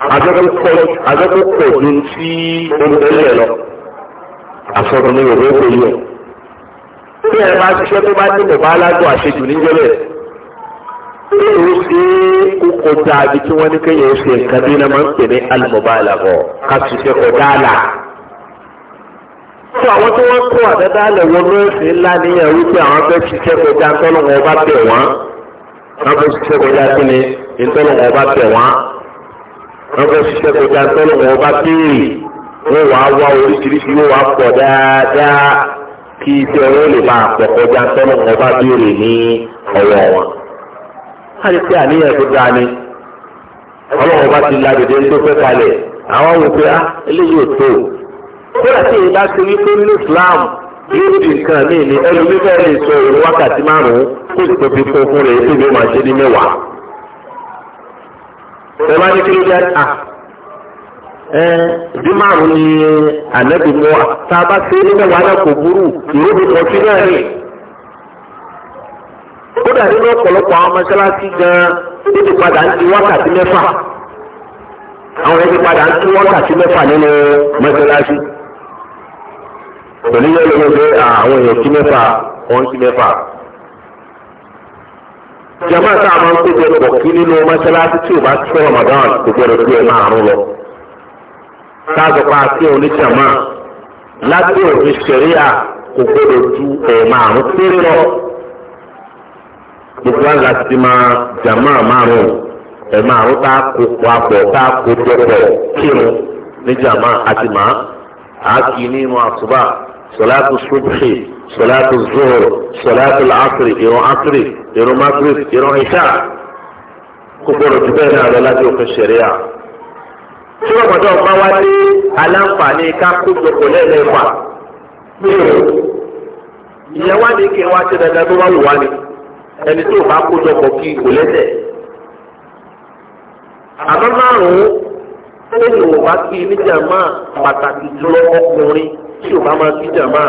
azọ́kọ́ pọ̀ ju tí olùdarí ẹ̀ lọ àsọ̀rọ̀ ní òwe kò yẹ. bí ẹ bá ṣiṣẹ́ tó bá ní bàbá aládùn àṣejù níjẹ́lẹ̀ bí o ṣe kó kọjá àbí tí wọ́n ní kéèyàn ṣe nǹkan bí iná máa ń pè ní alùmọ̀bá àlàbọ̀ ká ṣiṣẹ́ kọjá àlà. fún àwọn tí wọ́n kó àdáda alẹ̀ wọnú ẹ̀sìn ńlá níyàn wípé àwọn fẹ́ ṣiṣẹ́ kọjá tọ́lọ́wọ́n ọba bẹ̀ wọ́n wọ́n fẹ́ ṣiṣẹ́ kọjá sí ni ìtọ́lọ́wọ́n wọ́n fẹ́ ṣiṣẹ́ tó ga tó lọ́wọ́ bá béèrè wọ́n wà á wá oríṣiríṣi wọ́n wà á pọ̀ dáadáa kí iṣẹ́ wọn lè máa pọ̀ kọjá tó lọ́wọ́ bá béèrè ní ọwọ́ wọn. a lè pe àníyàn tó dáa ni ọlọ́wọ́ bá ti la tó fẹ́ kalẹ̀ àwọn wò pé á ah, eléyìí ò tó kódà tí èyí bá ti rí pé ní Islam yóò di nǹkan míì ni ẹlòmíbẹ̀rẹ̀ sọ ìwé wákàtí márùn-ún kó sì tó fi kún fún rẹ̀ èyí tó fi ní mẹ́wàá ẹ bá ní kí ló jẹ́ à bí márùn ni ànábì mú wa tá a bá ṣe ní mẹ́wàá náà kò burú ìrúbi kọ̀ọ̀tún náà ni. kódà nínú ọ̀pọ̀lọpọ̀ àwọn mọ́ṣáláṣí gan-an ó ti padà ń di wákàtí mẹ́fà àwọn ẹni padà ń tún wákàtí mẹ́fà nínú mọ́ṣáláṣí. pẹ̀lú yẹn ló ń gbé àwọn èèyàn kí mẹ́fà wọ́n kí mẹ́fà jama tá a máa ń péjọ pọ̀ kí nínú mọ́ṣáláṣí tí o bá ti fẹ́ Ramadan kò gbọdọ̀ bí ẹ máa rún lọ. táàgọ̀ pa àti oníjàmá lábẹ́ òfin ṣẹ̀ríà kò gbọdọ̀ ju ẹ̀ máa rún péré lọ. gbogbo àwọn láti fi máa jàmá márùn ẹ̀ máa rún tá a kó papọ̀ tá a kó jọ pọ̀ kírun ní jàmá àti màá àá kì í nínú àsùbà sọláàtù sùbùkì sọláàtù zuhur sọláàtù làásìrì ìrun àsìrì ìrun magrib ìrun ìṣá kó gbọdọ̀ tó bẹ́ẹ̀ náà lọ láti òfin ṣẹ̀ríà. tí rọ̀mọ̀dọ́ bá wá dé aláǹfààní ká kó gbogbo lẹ́ẹ̀mẹ́fà ìyẹn wá ní kí n wá ṣe dandan tó wá wù wá ni ẹni tó bá kó jọpọ̀ kí kò lẹ́sẹ̀. àmọ́ márùn-ún ó lò wá kí níjà máa pàtàkì jùlọ ọkùnrin tí o bá máa kí jàmá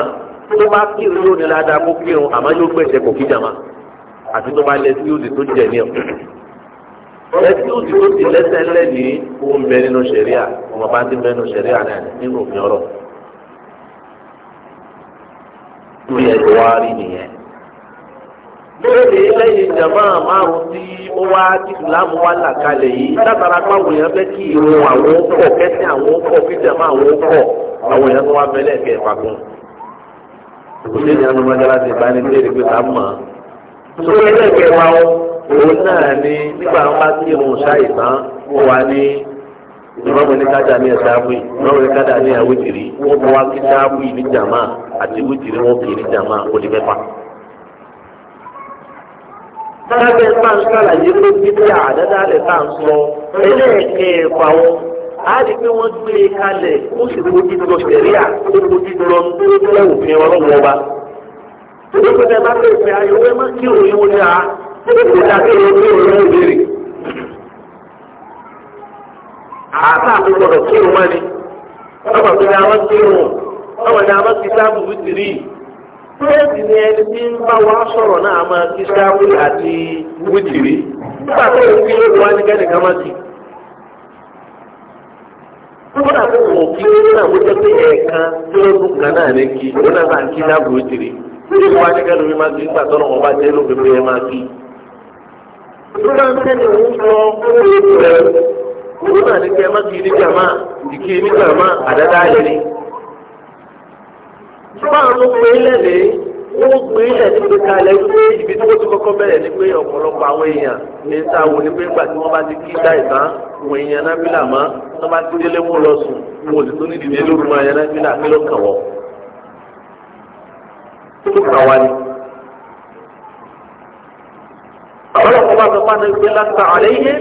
tó bá kírun yóò ní ládàá kó kírun àmọ́ yóò gbẹ̀sẹ̀ kò kí jàmá àti tó bá lẹ sí òdì tó jẹ ní ọ. ẹsí òdì tó ti lẹ́sẹ̀ ńlẹ̀ ní ohun bẹ nínú sẹ̀ríà ọmọ bá ti bẹ nínú sẹ̀ríà náà nínú òfin ọ̀rọ̀. tó yẹ kó nìyẹn béèrè lẹ́yìn jàmbá márùn tí ó wá ìsìlámù wá là kalẹ̀ yìí látara pàwọn èèyàn fẹ́ kí irun àwọn pọ̀ kẹ́sì àwọn pọ̀ kí jàmbá àwọn pọ̀ àwọn èèyàn tó wá fẹ́ lẹ́ẹ̀kẹ́ fagun. òṣèlú ìyá ló máa dára sí ìbáni léèrè pé ká mọ̀ ọ́n. sórí lẹ́ẹ̀kẹ́ wa òun náà ni nígbà wọn bá kí irun ṣáì tán wọ́n wá ní ìmọ̀mù kájà ní ẹ̀sáàmù yìí ìmọ̀mù kájà ní ẹ̀wìtìrì wọ́n bọ́ wá kí sáàmù ní jàmá àti wìtìrì wọn kì í ní jàmá ó di mẹ́fà sábẹ́ máa ń ṣàlàyé pé bíbí àdáda lè bá ń sọ ẹlẹ́ẹ̀kẹ́ẹ̀fà wọn á rí i pé wọ́n gbé e kalẹ̀ ó sì fojú lọ sẹ̀ríà ó fojú lọ nílẹ̀ òfin ọlọ́wọ́ ọba. Ìjọba ìpínlẹ̀ bá fẹ́ fẹ́ ayọ̀ wẹ́ máa kí òun yóò dáa ó dá kí òun yóò lọ ìbéèrè. Àbá àti gbọdọ̀ kí òun máa ní. Ọmọ mi ni a máa kí òun. Ọmọ mi ni a máa kí sáàbù wítìrì yìí. bẹ́ẹ̀ni ni ẹni tí ń bá wa sọ̀rọ̀ náà máa ti sáwé àti wítìrí nígbà tó ń fi lóko wá ní kẹ́nìkan má ti. Kódà tó wò kí ó náà wọ́n nka pé ẹ̀ẹ̀kan tó lọ́dún kan náà ní kí ó náà bá ń kí dáàbò wítìrí. wá ní nígbà tó bá jẹ́ máa kí. ń fún ìgbẹ́ náà ní báwọn ló pé lẹ́lẹ̀ ó pé lẹ́lẹ̀ pé kalẹ̀ pé ibi tí wọ́n ti kọ́kọ́ bẹ̀rẹ̀ ni pé ọ̀pọ̀lọpọ̀ àwọn èèyàn ní sáwọn ní pé ńgbà tí wọ́n bá ti kí dá ìtàn wọ̀n èèyàn nábìlà mọ́ tó bá ti délé mú lọ sùn mo sì tún ní dìde lóru mọ́ nábìlà mi ló kàn wọ́n. tó bá sọ fún ẹgbẹ́ láta àlẹ́ yé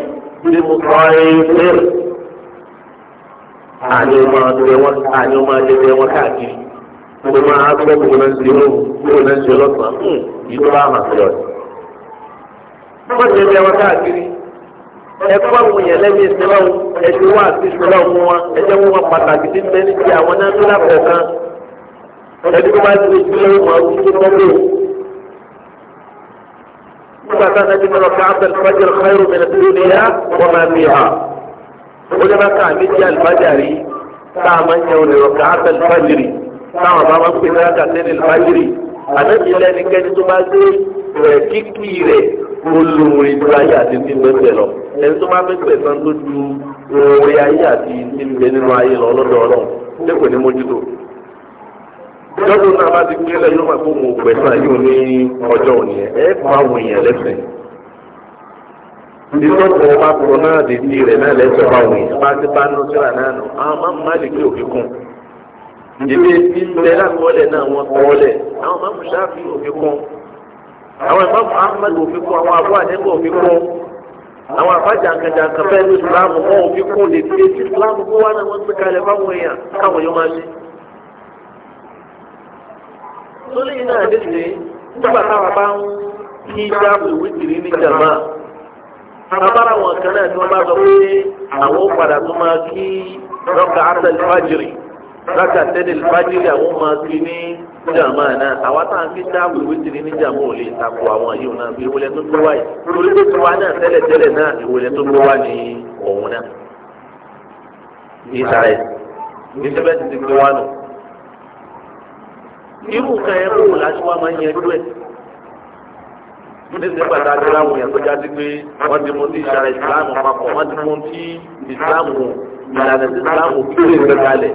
ni mo kọ́ ẹ àní ọmọ adé wọn káàkiri mo máa gbọ́ mo máa ṣe ó mo máa ṣe ọlọ́sàn yìí tó bá hàn sí ọ. wọ́n ti ẹgbẹ́ wọn káàkiri ẹ̀kọ́ àwọn èèyàn lẹ́yìn ìṣẹ́lọ́wọ́ ẹ̀ṣin wà sí ìṣẹ́lọ́wọ́ fún wa ẹ̀jẹ̀ wọn wà pàtàkì sí mẹ́rin ti àwọn náà tó lápẹ̀ kan ẹ̀dí tó bá ti lè fi lọ́wọ́ àwọn tó tó lò. nígbà tá a náà ti mọ̀rọ̀ ká abdul fajr khairu min ad-dunya wa ma fiha. ó lè bá ká àmì jẹ́ àlùfáàjà rí tá a máa ń jẹun lè rọ̀ ká abdul fajr rí táwọn bá wá pè náà kàtẹ́lẹ̀ lọ́wọ́dìrì ànábì lẹ́nikẹ́ni tó bá dé rẹ̀ kíkì rẹ̀ olùwòrì tó ayé àti ti bẹ́ẹ̀ lọ ẹni tó bá fẹ́ pẹ̀ sàn tó ju orí ayé àti ti bẹ́ẹ̀ nínú ayé lọ lọ́dọ̀ ọlọ́ lẹ́kọ̀ọ́ ní mójútó. lọ́dún náà bá ti gbé lẹ́yìn ọmọ àpò mọ̀ pẹ̀ sàn yóò ní ọjọ́ òní ẹ̀ fún àwọn èèyàn lẹ́sẹ̀. ìtọ́kùn ọmọ àpò náà dèjì rẹ̀ náà lẹ́sẹ̀ fáwọn èèyàn bá ti bá nù ìdí ti ń bẹ lákọọ́lẹ̀ náà wọ́n kọ́ọ́lẹ̀ àwọn máàmù Ṣáfi òfin kọ́ àwọn ìmáàmù Ahmad òfin kọ́ àwọn àbúrò àdẹ́gbẹ́ òfin kọ́ àwọn àbájáǹkanjáǹkan bẹ́ẹ̀ ní ìsìláàmù wọn òfin kọ́ lè fi èsì ìsìláàmù kó wá náà wọ́n gbé kalẹ̀ fáwọn èèyàn káwọn yóò máa ní. sólè yìí náà dé sí nígbà táwa bá ń kí dáàbò wítìrí ní jàmá abára wọn kan náà tí wọ́n bá sọ pé àwọn padà tó máa kí rọ́kà ásẹ̀lì fájìrì rákà tẹ́lẹ̀ fájìlì àwọn máa fi ní jàmá náà àwa tá à ń fi dá wíwí sí ní jàmá ò lè takò àwọn yìí náà bí ìwòlẹ́ tó gbé wáyé torí tó ti wá náà tẹ́lẹ̀ tẹ́lẹ̀ náà ìwòlẹ́ tó gbé wá ní òun náà. ní ìsàlẹ̀ ní sẹ́fẹ̀tì ti gbé wá nù. irú nǹkan ẹ̀ kúrò láti wá máa ń yẹjú ẹ̀. níṣẹ́ pàtàkì àdúrà wọ̀nyí àtọ́jà ti gbé wọ́n ti mú ti ìsàlẹ̀ ìsìlámù papọ̀ wọ́n ti mú ti ìsìlámù ìlànà ìsìlámù kúrò ìgbẹ́kalẹ̀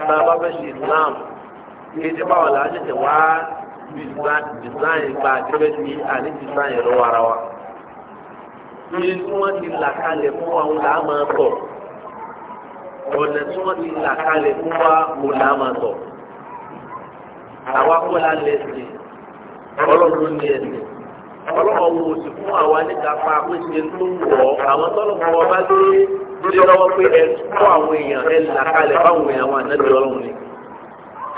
tá a bá fẹ́ ṣe Islam kéde báwa là á ṣẹ̀ṣẹ̀ wá design gba àdébẹ́ sí àní design ẹ̀rọ ara wa. iye tí wọ́n ti là kalẹ̀ fún wa là á máa tọ̀ ọ̀nà tí wọ́n ti là kalẹ̀ fún wa là máa tọ̀ àwa kọ́ la lẹ́sìn ọlọ́run ní ẹ̀sìn ọlọ́run wo sì fún àwa níta pa pé ṣe tó wọ̀ àwọn tọ́lọ̀ fún ọba lórí lórí lọ́wọ́ pé ẹ kó àwọn èèyàn ẹ là kalẹ̀ fáwọn èèyàn wọn ànábì ọlọ́run ni.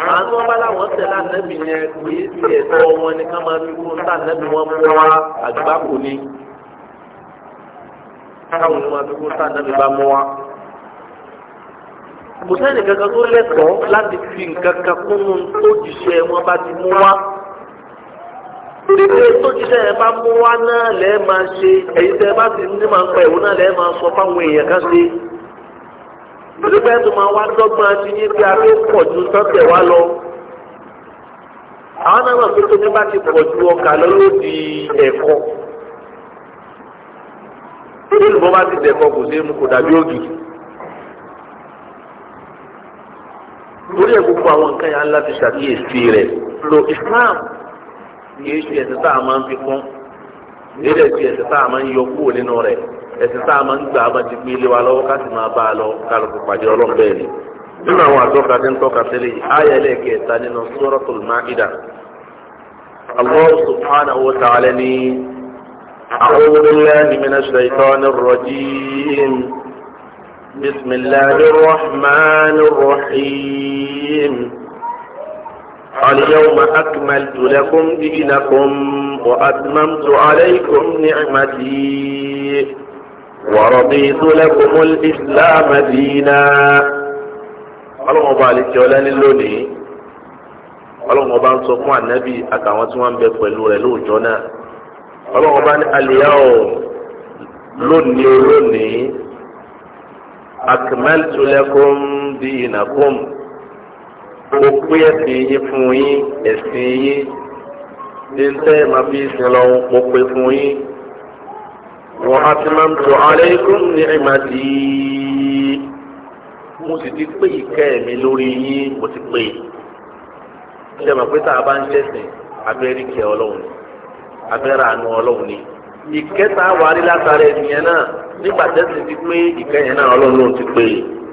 àwọn tó bá láwọn tẹ̀lé ànábì yẹn kì í ti ẹ̀tọ́ wọn ni ká máa fi kún tá ànábì wọn mú wá àgbákò ni. káwọn ni wọn fi kún tá ànábì bá mú wá. kò sẹ́ni kankan tó lẹ́tọ̀ọ́ láti fi nǹkan kan kún un tó jìṣẹ́ wọn bá ti mú wá ilé tó jíṣẹ́ ẹ bá mú wá náà lẹ́ máa ṣe èyí tẹ́ ẹ bá ti ní máa ń pa ìwọ náà lẹ́ máa sọ fáwọn èèyàn kan ṣe. lórí bẹ́ẹ̀ tó máa wá dọ́gbọ́n ti yín bí abẹ́ pọ̀ ju sọ́tẹ̀ wá lọ. àwọn náà mọ̀ pé tóbi bá ti pọ̀ ju ọkà lọ ló di ẹ̀kọ́. ilé ìlú bá ti dẹ̀kọ́ kò sí mu kò dàbí ògì. torí ẹ̀ gbogbo àwọn nǹkan yẹn ńlá ti ṣàkíyèsí rẹ̀ lo Islam kìí ṣe ẹ̀sìn tá a máa ń fi kún kìí dẹ̀ ṣe ẹ̀sìn tá a máa ń yọ kúrò nínú rẹ̀ ẹ̀sìn tá a máa ń gbà máa ti gbé ilé wa lọ́wọ́ ká sì máa bá a lọ kálukú pàdé ọlọ́run bẹ́ẹ̀ ni. nínú àwọn àtọ́ka tí ń tọ́ka sílẹ̀ ayé ẹlẹ́ẹ̀kẹta nínú suratul Maida Allah subhanahu wa ta'ala ni a'udhu billahi minash اليوم أكملت لكم دينكم وأتممت عليكم نعمتي ورضيت لكم الإسلام دينا ọlọ́run ọba àlejò ọlẹ́ni lónìí ọlọ́run ọba ń sọ fún ànábì àtàwọn tí wọ́n ń bẹ pẹ̀lú rẹ̀ lóòjọ́ náà ọlọ́run ọba ní àlìyá ọ̀ lónìí lónìí akmaltu lakum dinakum ó pé ẹ̀sìn yín fún yín ẹ̀sìn yín ní tẹ́ ẹ̀ máa fi sin lọ́wọ́ ó pé fún yín. wa atmamtu alaykum ni'mati mo sì ti pé ìkẹ́ mi lórí yín mo ti pé ṣe mọ̀ pé tá a bá ń ṣẹ̀sìn abẹ́ríkẹ́ ọlọ́run ni abẹ́rẹ́ àánú ọlọ́run ni ìkẹ́ta wàá rí látara ẹ̀sìn yẹn náà nígbà tẹ́sí ti pé ìkẹ́ yẹn náà ọlọ́run ló ti pé yìí.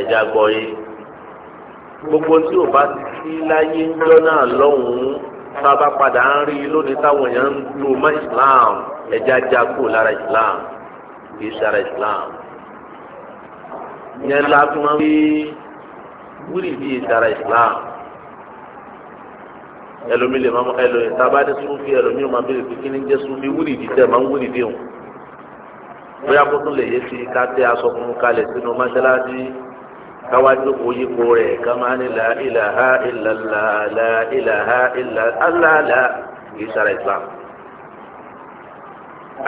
ẹ̀jẹ̀ àgbọ̀ yìí gbogbo tí ò bá sí láyé ńjọ́ náà lọ́hùn-ún tá a bá padà ń rí lónìí táwọn èèyàn ń lo mọ́ Islam ẹ̀jẹ̀ ajá kù lára Islam kì í sára Islam yẹn la fi máa ń fi wúrì sára Islam ẹlòmí lè máa ẹlòmí tábà ní súnfì ẹlòmí máa bèrè pé kí ni jẹ́ súnfì wúrì bíi tẹ máa ń wúrì bíi wọn bóyá kó tún lè yé sí ká tẹ aṣọ fún kalẹ̀ sínú mọ́ṣáláṣí káwá jókòó yípo rẹ̀ ká máa ní la ilaha illallah la ilaha illallah la kì í sára islam.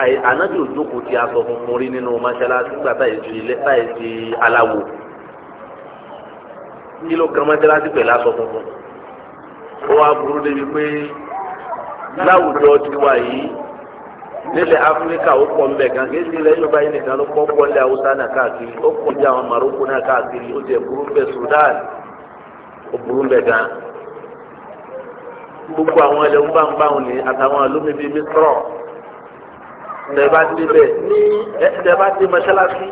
àyè ànábì òjókòó ti aṣọ funfun rí nínú mọ́ṣáláṣí gbà táyé ti ilé táyé ti aláwo kí ló kan mọ́ṣáláṣí pẹ̀lú aṣọ funfun. ó wá burú débi pé láwùjọ tiwa yìí nílẹ̀ áfíríkà ó pọ̀ nbẹ̀ gan kí ẹsẹ̀ ilẹ̀ yorùbá yìí nìkan ló pọ̀ pọ̀ lẹ̀ haúsá náà káàkiri ó pọ̀ ní àwọn maroko náà káàkiri ó jẹ́ burú bẹ̀ sudan ó burú bẹ̀ gan gbogbo àwọn ilẹ̀ ńbàǹbàǹ ni àtàwọn alómi bíi mísírọ̀ tẹ̀bá ti bẹ̀ ní tẹ̀bá ti mọ́ṣáláṣí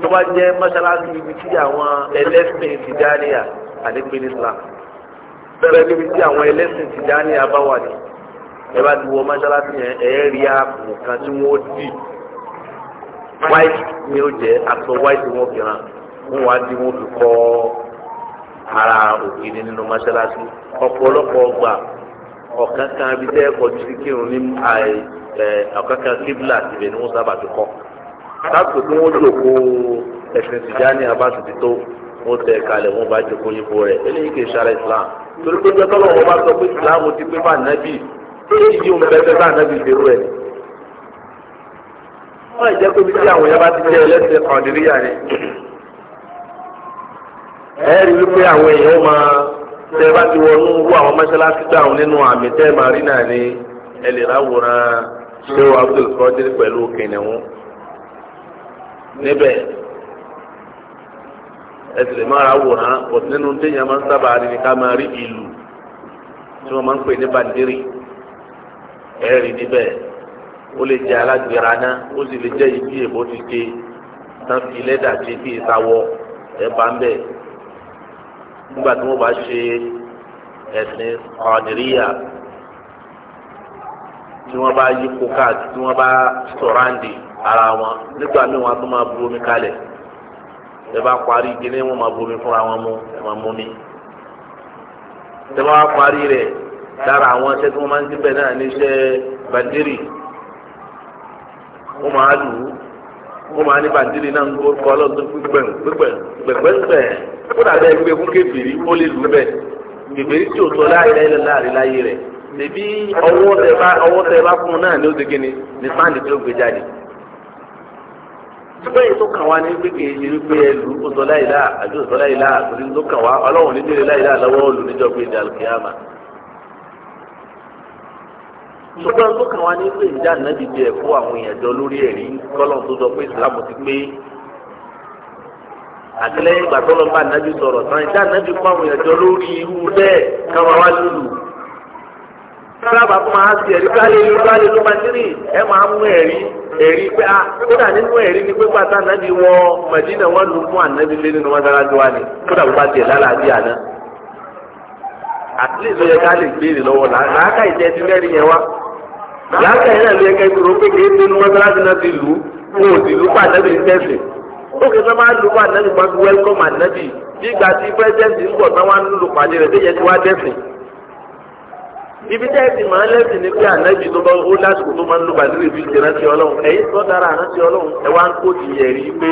tó bá jẹ́ mọ́ṣáláṣí ibi tí àwọn ẹlẹ́sìn ti dáníyà àdégbé ní islam bẹ́ẹ̀ ni ibi tí àwọn ẹlẹ́sìn ti dáníyà bá wà ní ẹ bá ti wọ mọ́ṣáláṣí yẹn ẹ rí àpò kan tí wọ́n dì white ni ó jẹ́ aṣọ white wọn fi hàn wọn wá di wọn fi kọ́ ara ògiri nínú mọ́ṣáláṣí ọ̀pọ̀lọpọ̀ ọgbà ọ̀kan kan abidẹ́ kọjú sí kírun ní ọ̀kan kan kíbla tìbẹ̀ ni wọ́n sábà fi kọ́ láti pé wọ́n jòkó ẹ̀sìn tìjáni abáṣetì tó wọ́n tẹ̀ kalẹ̀ wọ́n bá jòkó yípo rẹ̀ eléyìí kì í ṣara Islam torí pé jọ́tọ́ lọ́wọ́ bá sọ pé Islam ti pé bá nábì èyí yóò ń bẹ́ẹ̀ bá ànábì ìṣerú ẹ̀. wọ́n ìjẹ́ pé bí àwọn yẹn bá ti jẹ́ ẹlẹ́sìn ọ̀dìríyà ni ẹ rí wípé àwọn èèyàn máa tẹ bá ti wọnú wọ àwọn mọ́ṣáláṣí tó àwọn nínú àmì tẹ́ máa rí náà ni ẹ lè ráwòrán ṣéwà Abdul Qadir pẹ̀lú kìnìún níbẹ̀ ẹ sì lè máa ráwòrán ọ̀tún nínú téèyàn máa ń sábà rí ni ká máa rí ìlú tí wọ́n máa ń pè ní bandiri ẹ̀rí níbẹ̀ ó lè jẹ́ alágbèrè aná ó sì lè jẹ́ ibi èbó ti ké tán fi lẹ́dà ṣe bí ìsawọ́ ẹ̀ bá ń bẹ̀ nígbà tí wọ́n bá ṣe ẹ̀sìn ọ̀nìríyà tí wọ́n bá yí kókà tí wọ́n bá sọ̀ráǹdì ara wọn nígbà míì wọn á tún máa bu omi kalẹ̀ ẹ bá parí gíní wọn máa bu omi fúnra wọn mú ẹ máa mú mi tẹ bá parí rẹ̀ lára àwọn aṣẹ́ tí wọ́n máa ń síbẹ̀ náà ní iṣẹ́ bàndírì wọ́n máa lù ú wọ́n máa ní bàndírì náà ń kọ́ ọlọ́dún pípẹ́ pẹ́pẹ́pẹ́ kó dàbẹ́ gbé fún kébìrì ó lè lù ú bẹ́ẹ̀ kébìrì tí ò sọ láàrin láàrin láyé rẹ̀ tẹbi ọwọ́ tẹ bá ọwọ́ tẹ bá fún un náà ní oṣù kìíní ní sáǹdì tí ó gbé jáde. ṣùgbọ́n èyí tó kàn wá ní pé kì í ṣe ẹlú ọ̀sọ́ láìláà àbí ọ̀sọ́ láìláà àbí tó kàn wá ọlọ́run nídìrí láìláà lọ́wọ́ olùdíjọ́ gbé dàlùkìyàmà ṣùgbọ́n tó kàn wá ní pé ìjà nàbì jẹ ẹ̀kọ́ àwọn èèyàn jọ lórí ẹ̀rí kọ́lọ̀ tó sọ pé ìsìlámù ti pé àtìlẹ́yìn ìgbà tó lọ bá nàbì sọ̀rọ̀ tán ìjà nàbì kọ́ àwọn èèyàn jọ lórí irú bẹ́ẹ̀ káwọn wá lùlù. sábà kó máa ṣe ẹ̀rí bá lè lu bá lè lu màtírì ẹ máa mú ẹ̀rí ẹ̀rí pé a ah, kódà nínú ẹ̀rí ni pé pátá nàbì wọ mẹ̀dínà wọn lù fún ànàbì lé nínú wọn dára jọ wá ni kódà bó bá tiẹ̀ lálàáfíà náà àtìlẹ́yìn ló yẹ ká lè gbére lọ́wọ́ làákà ìjẹ́ ti mẹ́rin yẹn wá làákà yẹn náà ló yẹ kẹ́kẹ́ rò pé kí ẹgbẹ́ ní mọ́sálásí náà ti lù ú wọn ò sì lù pa ànábì tẹ̀sẹ̀ ó kì í sọ máa lù pa ànábì máa fi wẹ́lkọ́mù ànábì bí ìgbà tí pẹ́sidẹ́ntì ń bọ̀ tán wá ń lù pàdé rẹ̀ déyẹ ti wá dẹ́sìn. ibi tẹ́sìn máa ń lẹ́sìn ni pé ànábì tó bá ó lásìkò tó máa ń lù pàdé rẹ̀ bí ìjẹ́ rántí ọlọ́run ẹ̀yìn tó dára rántí ọlọ́run ẹ wá ń kó tìyẹ̀rí pé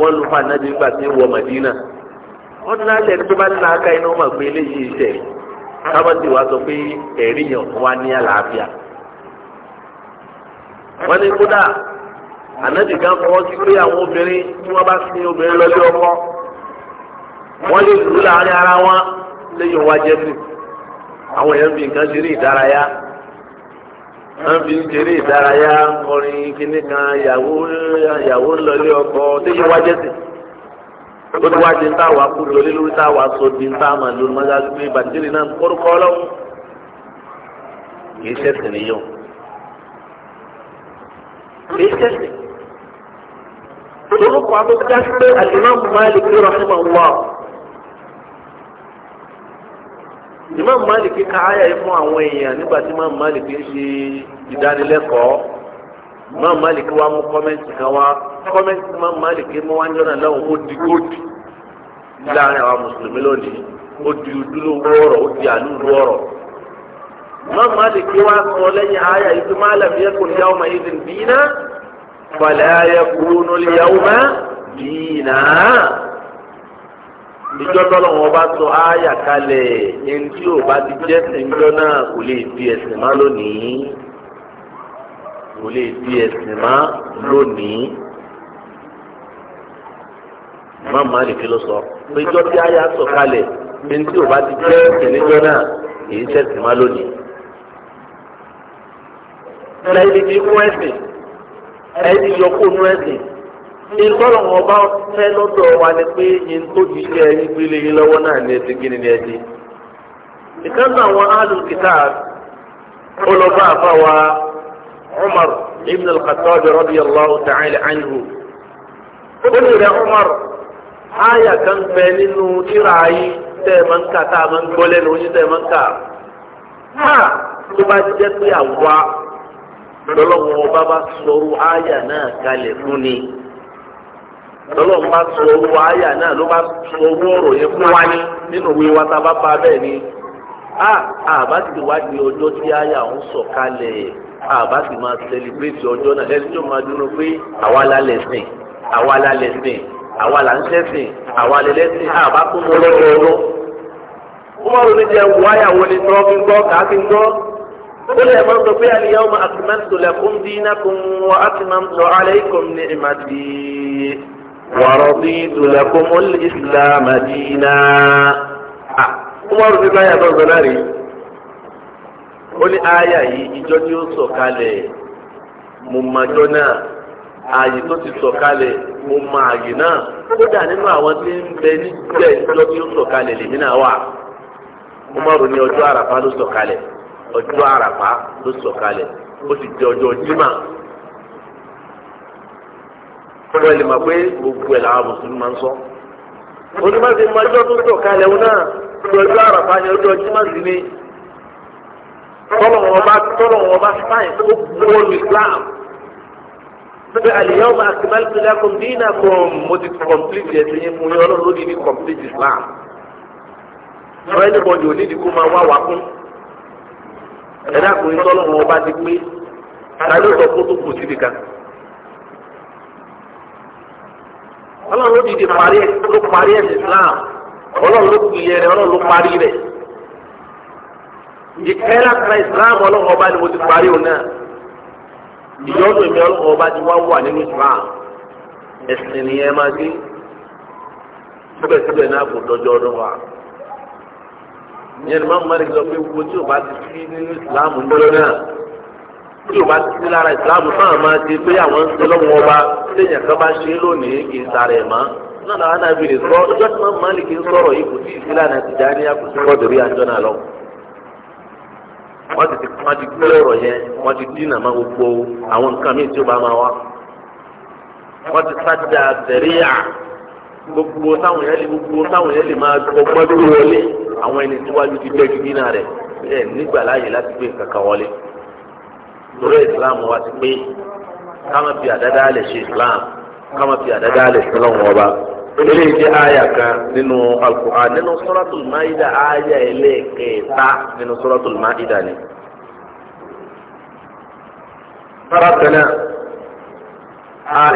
wọ́n lù pa ànábì ti láti ẹni pé ẹ̀rí wọ́n ní kódà ànábì kan fọwọ́ sí pé àwọn obìnrin tí wọ́n bá sin obìnrin lọ sí ọkọ wọ́n lè lù láàrin ara wọn lẹ́yìn wá jẹ́ sí àwọn èèyàn fi nǹkan ṣeré ìdárayá wọ́n fi ń ṣeré ìdárayá kọrin kínní kan yàwó yàwó lọlé ọkọ lẹ́yìn wá jẹ́ sí ó ti wá di ń táwa kú lórí lórí táwa sọ di ń táwa lórí mọ́tàlú pé bàtírì náà kórúkọ ọlọ́run kì í ṣẹ̀sìn nìyẹn. ليش ودروك عبد الكافر الإمام مالك رحمه الله Imam ki ka aya yìí fún àwọn èèyàn nígbà tí Imam Malik ń ṣe ìdánilẹ́kọ̀ọ́ Imam Malik wa mú kọ́mẹ́ǹtì kan wá kọ́mẹ́ǹtì Imam ki mú wá na lọ́wọ́ ó di góòdì láàrin àwọn mùsùlùmí lónìí ó di ojúlówó ọ̀rọ̀ ó di àlùlù ọ̀rọ̀ Imam Malik ya wa sọ lẹ́yìn aya ibi malam yakun yawma idin dina fala yakunu yawma dina ìjọ tọ́lọ̀ wọn bá sọ ááyà kalẹ̀ ẹni tí ò bá ti jẹ́ sìnjọ́ náà kò lè di ẹ̀sìn má lónìí kò lè di ẹ̀sìn má lónìí máàmá nìkan ló sọ ìjọ tí ááyà sọ kalẹ̀ ẹni tí ò bá ti jẹ́ sìnjọ́ náà kì í sẹ̀sìn má lónìí ẹ̀rẹ́ ibi ti mú ẹ̀sìn ẹ̀rẹ́ ibi yọkó nú ẹ̀sìn ní tọ́lọ̀ wọn bá fẹ́ lọ́dọ̀ wa ni pé yín tó ti ṣe ẹni gbélé yín lọ́wọ́ náà ní ẹsẹ̀ gíní ní ẹsẹ̀ ìkànnì àwọn alùpùpù ọlọ́ba àfàwà Umar ibn al-Khattab radiyallahu ta'ala anhu ó ní rẹ̀ Umar aya kan bẹ nínú tírà yìí tẹ́ ẹ̀ máa ń kà tá a máa ń gbọ́ lẹ́nu oyin ẹ̀ máa ń kà ha tó bá jẹ́ pé àwa lọ́lọ́wọ́ ọba bá sọ̀rọ̀ àyà náà kalẹ̀ fún ni lọ́lọ́wọ́ bá sọ̀rọ̀ àyà náà ló bá sọ̀rọ̀ ọ̀rọ̀ yẹn fún wa ní nínú ìwé wa tá a bá pa bẹ́ẹ̀ ni a àbá ti wá di ọjọ́ tí àyà ń sọ̀ kalẹ̀ àbá ti máa sẹlẹ̀bírẹ́tì ọjọ́ náà ẹni tó máa dúró pé àwa la lẹ̀sìn àwa la lẹ̀sìn àwa là ń sẹ́sìn àwa lẹ̀lẹ́sìn àbá kún mọ́ lọ́wọ́ ọlọ́ ó lè máa ń sọ pé àlìyáwó máa akímẹ́ntò lẹ́kùn dínákùn wọ́n akímẹ́ntò aláìkùn ní ìmàdí wàrọ̀bí tùlẹ̀kùn mú islam dínà. Umaru ní báyà tó ń sọ náà rí. Ó ní àyà yìí ìjọ tí ó sọ̀ kalẹ̀ mo máa jọ náà ààyè tó ti sọ̀kalẹ̀ mo mọ ààyè náà kódà nínú àwọn tí ń bẹ níbẹ̀ lọ́dún yóò sọ̀kalẹ̀ lèmi náà wà. Umaru ní ọjọ́ àràfá ló sọ̀kalẹ̀ ọjọ́ àràpá ló sọ̀kalẹ̀ ó sì di ọjọ́ jimá fún ẹ lè mọ̀ pé gbogbo ẹ̀ làwọn mùsùlùmí máa ń sọ. onímọ̀sí mọ́jọ́ tó sọ̀kalẹ̀ òun náà ọjọ́ àràpá ni ọjọ́ jimá sì ni tọ́lọ̀ wọn bá tọ́lọ̀ wọn bá sáyẹn tó gbọ́ lu Islam. Sọ́dọ̀ àlìyáwó máa ti máa ń tilẹ̀ kún dínà kún mo ti kọ̀m̀plìtì ẹ̀sìn yẹn fún yẹn ọlọ́run ló ní ní kọ̀m̀plìtì Islam. Ọ̀rẹ́ níbọn yóò ní ìdíkú máa wá wá kún. ẹ̀dá kùnrin tọ́lọ́ wọn ti pé ta ló sọ fún tó kù síbi kan. ọlọ́run ló dìde parí ẹ̀ Islam ọlọ́run ló kù dị ọlọ́run ló parí rẹ̀. ìkẹ́ ọba ni mo ti parí náà ìyọ́nù mi ọba ti wá wà nínú Islam ẹ̀sìn nìyẹn máa gbé síbẹ̀síbẹ̀ náà kò dọ́jọ́ ọdún ìyẹn Imam Malik sọ pé gbogbo tí o bá ti sí nínú ìsìláàmù ńlọrọ náà tí o bá ti sí lára ìsìláàmù náà máa ti pé àwọn ń ṣe lọ́wọ́ ọba téèyàn bá ṣe lónìí kì í mọ́ náà náà sọ ọjọ́ tí Imam Malik ń sọ̀rọ̀ yìí kò sí ìsìláàmù Tìjàní kò sí kọ́dùrí àjọ náà lọ. wọ́n ti wọ́n ti gbé ọ̀rọ̀ yẹn wọ́n ti gbogbo àwọn nǹkan míì tí o bá máa wá wọ́n ti gbogbo táwọn yẹn lè gbogbo táwọn yẹn lè máa gbọgbọ́n tó wọlé àwọn ẹni tó wájú ti bẹ́ẹ̀ gidi náà rẹ̀ bẹ́ẹ̀ nígbà láàyè láti gbé wọlé islam wa ti pé fi àdáda lè ṣe islam kama fi àdáda lè ṣe lọ́wọ́ ọba eléyìí jẹ́ àyà kan nínú al nínú suratul Maida àyà ẹlẹ́ẹ̀kẹta nínú suratul Maida ni. kan náà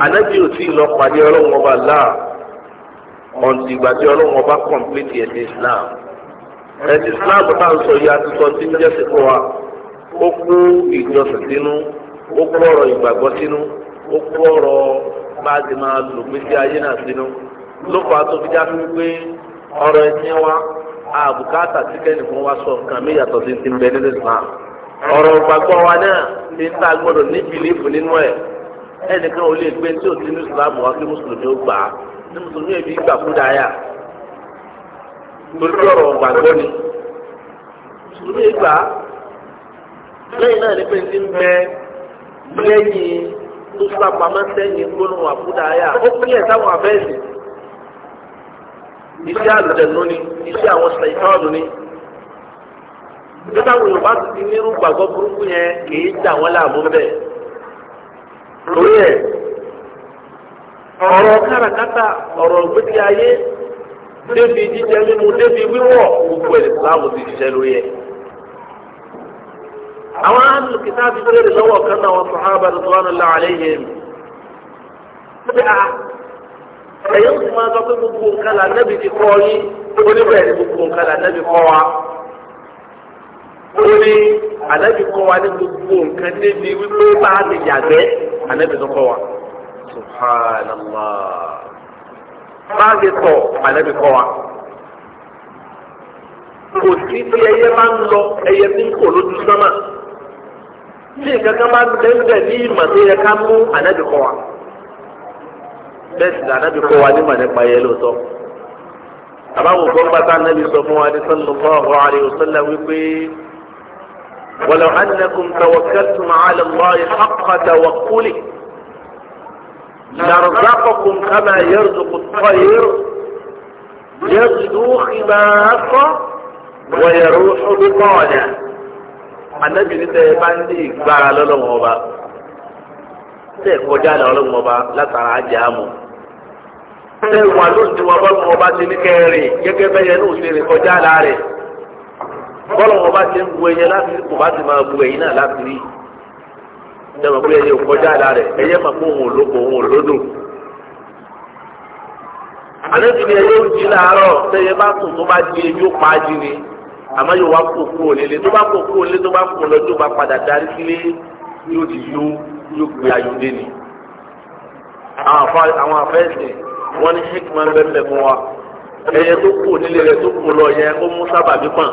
anabi ò tí ì lọ pàdé ọlọ́run ọba láà ọ̀ǹtì ìgbà tí ọlọ́run ọba kọ̀m̀pìlìtì ẹ̀sìn islam ẹ̀sìn islam bá ń sọ ya tuntun tí ń jẹ́sìn fún wa ó kó ìjọsìn sínú ó kó ọ̀rọ̀ ìgbàgbọ́ sínú ó kó ọ̀rọ̀ bá a ti máa lò pé sí ayé náà sínú ló fà á tó fi já fún ọ̀rọ̀ ẹ̀sìn wa àbùkátà tí kẹ́ni fún wa sọ nǹkan mí yàtọ̀ sí ti ń bẹ nínú islam ọ̀rọ̀ ìgbàgbọ́ wa náà ti ń tá a ẹnìkan ò lè gbé tí ò sí ní ìsìlámù wá kí mùsùlùmí ó gbà á ní mùsùlùmí èmi gbà fún dáyà torí ọ̀rọ̀ ọ̀gbàgbọ́ ni mùsùlùmí gbà á lẹ́yìn náà ní pé ti ń bẹ lẹ́yìn tó sẹ́yìn ó abẹ́ẹ̀sì iṣẹ́ àlùjẹ̀nu ni iṣẹ́ àwọn ni nígbà táwọn Yorùbá ti gbàgbọ́ burúkú yẹn kì í dà wọ́n láàmú bẹ́ẹ̀. lórí ẹ̀ ọ̀rọ̀ káràkátà ọ̀rọ̀ gbèsè ayé débi jíjẹ mímu débi wíwọ̀ gbogbo ẹ̀ láwùjọ ti ṣiṣẹ́ lórí ẹ̀ àwọn alùpùpù ti bèrè lọ́wọ́ kan náà wọn sọ̀hábà tó wà nílò àlẹ́yìn mi. ẹ̀yẹ́ òsì máa sọ pé gbogbo nǹkan là nẹ́bi ti kọ́ yín ó ní gbogbo nǹkan là nẹ́bi kọ́ wa ó ní ànábì kọ́ wa ní gbogbo nǹkan níbi wípé bá a lè yàgbẹ́ ànábì tó kọ́ wa subhanallah bá a lè tọ̀ ànábì kọ́ wa kò sí bí ẹyẹ máa ń lọ ẹyẹ tí ń kò lójú sọ́mà tí nǹkan kan máa ń dẹ́gbẹ̀ ní ìmọ̀ tó ká mú ànábì kọ́ wa bẹ́ẹ̀ sì ni ànábì kọ́ wa nímọ̀ nípa ẹyẹ lóòótọ́ àbáwò gbọ́ngbàtà ànábì sọ fún wa ní sallallahu alaihi wasallam wípé. ولو انكم توكلتم على الله حق توكله لارزقكم كما يرزق الطير يغدو خباك ويروح بطالع النبي لدى يبان دي اكبار على المعبا تقول جانا على المعبا لا ترى عجامو تقول جانا على المعبا تنكيري يكي بينو سيري قول جانا عليه bọ́lọ̀ wọn bá ti ń bu ẹyẹ láti kò bá ti máa bu ẹyin náà láti rí ẹ mọ̀ pé ẹyẹ òkọjá àlá rẹ̀ ẹyẹ mọ̀ pé òun òlóko òun òlódò. àlejò ni ẹyẹ òjì làárọ̀ tẹ́yẹ bá sùn tó bá di ẹyẹ ó pa á jí ni àmọ́ yóò wá kó kúrò nílé tó bá kó kúrò nílé tó bá kó lọ bá padà darí sílé yóò ti yó yóò gbé ayọ̀dé ni. àwọn afẹ́sìn wọ́n ní hikman bẹ́ẹ̀ fún wa ẹyẹ tó kúrò nílé tó kúrò lọ yẹ kó mú sábàbí pọ̀n.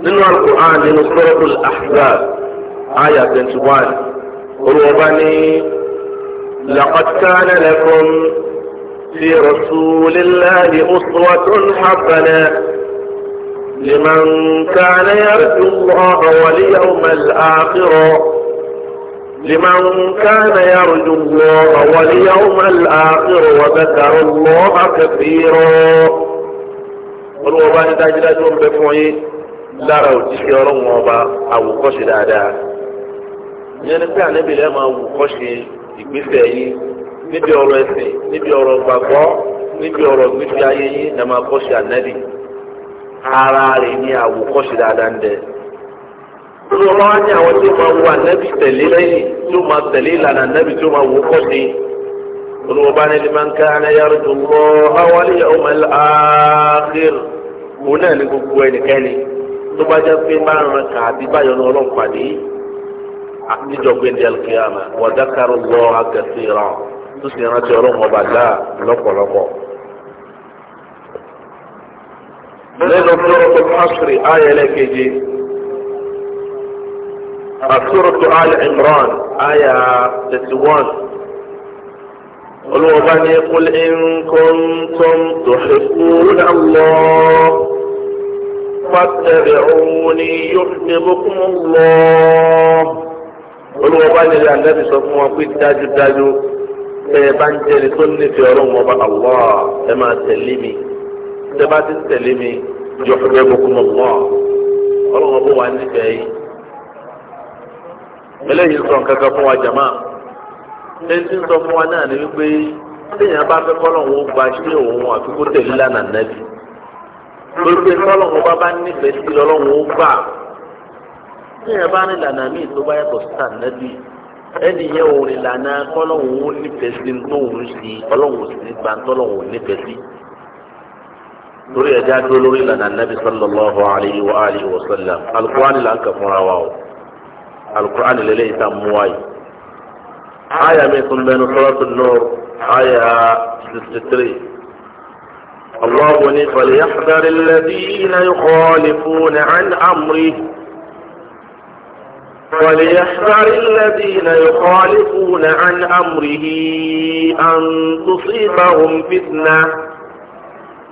nínú alukur'an nínú suratul ahzab aya twenty one olùwọ́ba ní laqad kana lakum fi rasulillahi uswatun hasana liman kana yarju allaha wal yawmal akhir لمن كان يرجو الله واليوم الآخر وذكر الله كثيرا. قل وبان تاجلا جنب فوي lára òjíṣẹ́ ọlọ́run ọba àwòkọ́ṣe dáadáa ìyẹn ni pé ànábì lẹ́ẹ̀ máa wòkọ́ṣe ìgbésẹ̀ yìí níbi ọ̀rọ̀ ẹ̀sìn níbi ọ̀rọ̀ gbàgbọ́ níbi ọ̀rọ̀ gbígbé ayé yìí ẹ̀ máa kọ́ṣe ànábì ara rẹ̀ ní àwòkọ́ṣe dáadáa ń dẹ. olùwọ́n wá ní àwọn tí ó máa wo ànábì tẹ̀lé lẹ́yìn tí ó máa tẹ̀lé ìlànà ànábì tí ó máa wòkọ́ṣe olùwọ́n ní liman kana yarju Allah tó bá jẹ́ pé bá ń ran kàbí báyọ̀ ní ọlọ́run pàdé níjọba ẹni alkiyama wọ́n kárò lọ agẹsẹ rà tó sì rán ti ọlọ́run ọba dá lọ́pọ̀lọpọ̀. lẹ́nu tó fúlọ́rọ̀ tó pásítì ayẹlẹ keje tó ayẹ imran ayà thirty one. قل وبني قل ṣe كنتم náà lọ́ọ́. fàtẹ̀rẹ̀ọ́ni yuhbibkum Allah. olùwọ́ bá nílẹ̀ ànábì sọ fún wọn pé dájúdájú tẹ́ ẹ bá ń jẹ́ni tó nífẹ̀ẹ́ ọlọ́run ọba Allah ẹ máa tẹ̀lé mi tẹ́ bá ti tẹ̀lé mi yuhbibkum Allah ọlọ́run ọba wà nífẹ̀ẹ́ yìí. eléyìí sọ nǹkan kan fún wa jàmá ẹni sọ fún wa náà ni wípé téèyàn bá fẹ́ kọ́ lọ́run gba ṣé òun àfikún tẹ̀lé lánàá nẹ́bí lórí tọ́lọ́wọ́ bá bá nífẹ̀ẹ́ sí lọ́lọ́wọ́ ó gbà. ní ẹ̀ bá ní lànà míì tó bá yàtọ̀ sí ànábì ẹni yẹn ò rìn lànà kọ́lọ́wọ́ ó nífẹ̀ẹ́ sí tó ń sí ọlọ́wọ́ sì ní gbà tọ́lọ́wọ́ ó nífẹ̀ẹ́ sí. lórí ẹja dúró lórí lànà ànábì sallallahu alayhi wa alihi wa sallam alukur'ani là ń kà fúnra wa o alukur'ani lè léyìí tá a mú aya mi tún bẹnu suratul nur aya sixty three. الله فليحذر الذين يخالفون عن أمره وليحذر الذين يخالفون عن أمره أن تصيبهم فتنة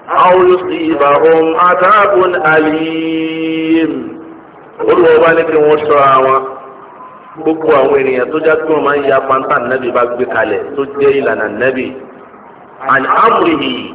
أو يصيبهم عذاب أليم قل وبالك وشراوة بكوا ويني تجد كما já النبي بك بكالي تجد الى النبي عن امره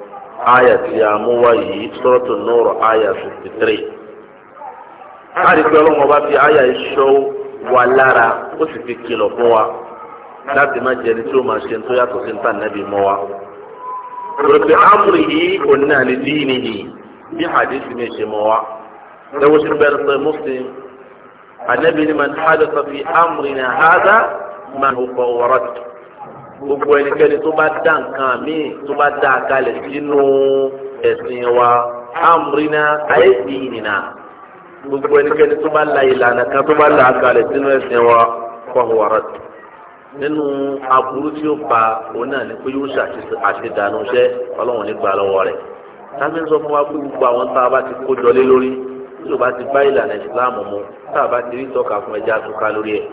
aya tí a mú wá yìí sọ́rọ́tò nọ́ọ̀rọ̀ aya fifty three. a rí pé ọlọ́run ọba fi aya yìí ṣọ́ wa lára ó sì fi kìlọ̀ fún wa láti má jẹni tí ó máa ṣe tó yàtọ̀ sí nǹkan nàbì mọ́ wa. pèpè amúrì yìí kò ní àlè díìní yìí bí hadith mi ṣe mọ́ wa. lẹ́wọ́n ṣe bẹ̀rẹ̀ sọ muslim anabi ni man hadatha fi amrina hadha man huwa warad gbogbo ẹnikẹ́ni tó bá dá nǹkan míì tó bá dá a kalẹ̀ sínú ẹ̀sìn wa amúrinà ayé ti nìyà gbogbo ẹnikẹ́ni tó bá la ìlànà kan tó bá la a kalẹ̀ sínú ẹ̀sìn wa fọwọ́rọ́ nínú aburú tí ó fa òun náà ni pé yóò ṣàṣìṣe àṣedànù iṣẹ́ ọlọ́run nígbà lọ́wọ́ rẹ̀ sáfì ń sọ fún wa pé gbogbo àwọn tá a bá ti kó jọlé lórí tí o bá ti bá ìlànà ìsìláàmù mu tá a bá ti rí tọ́ka fún ẹja tó lórí ẹ̀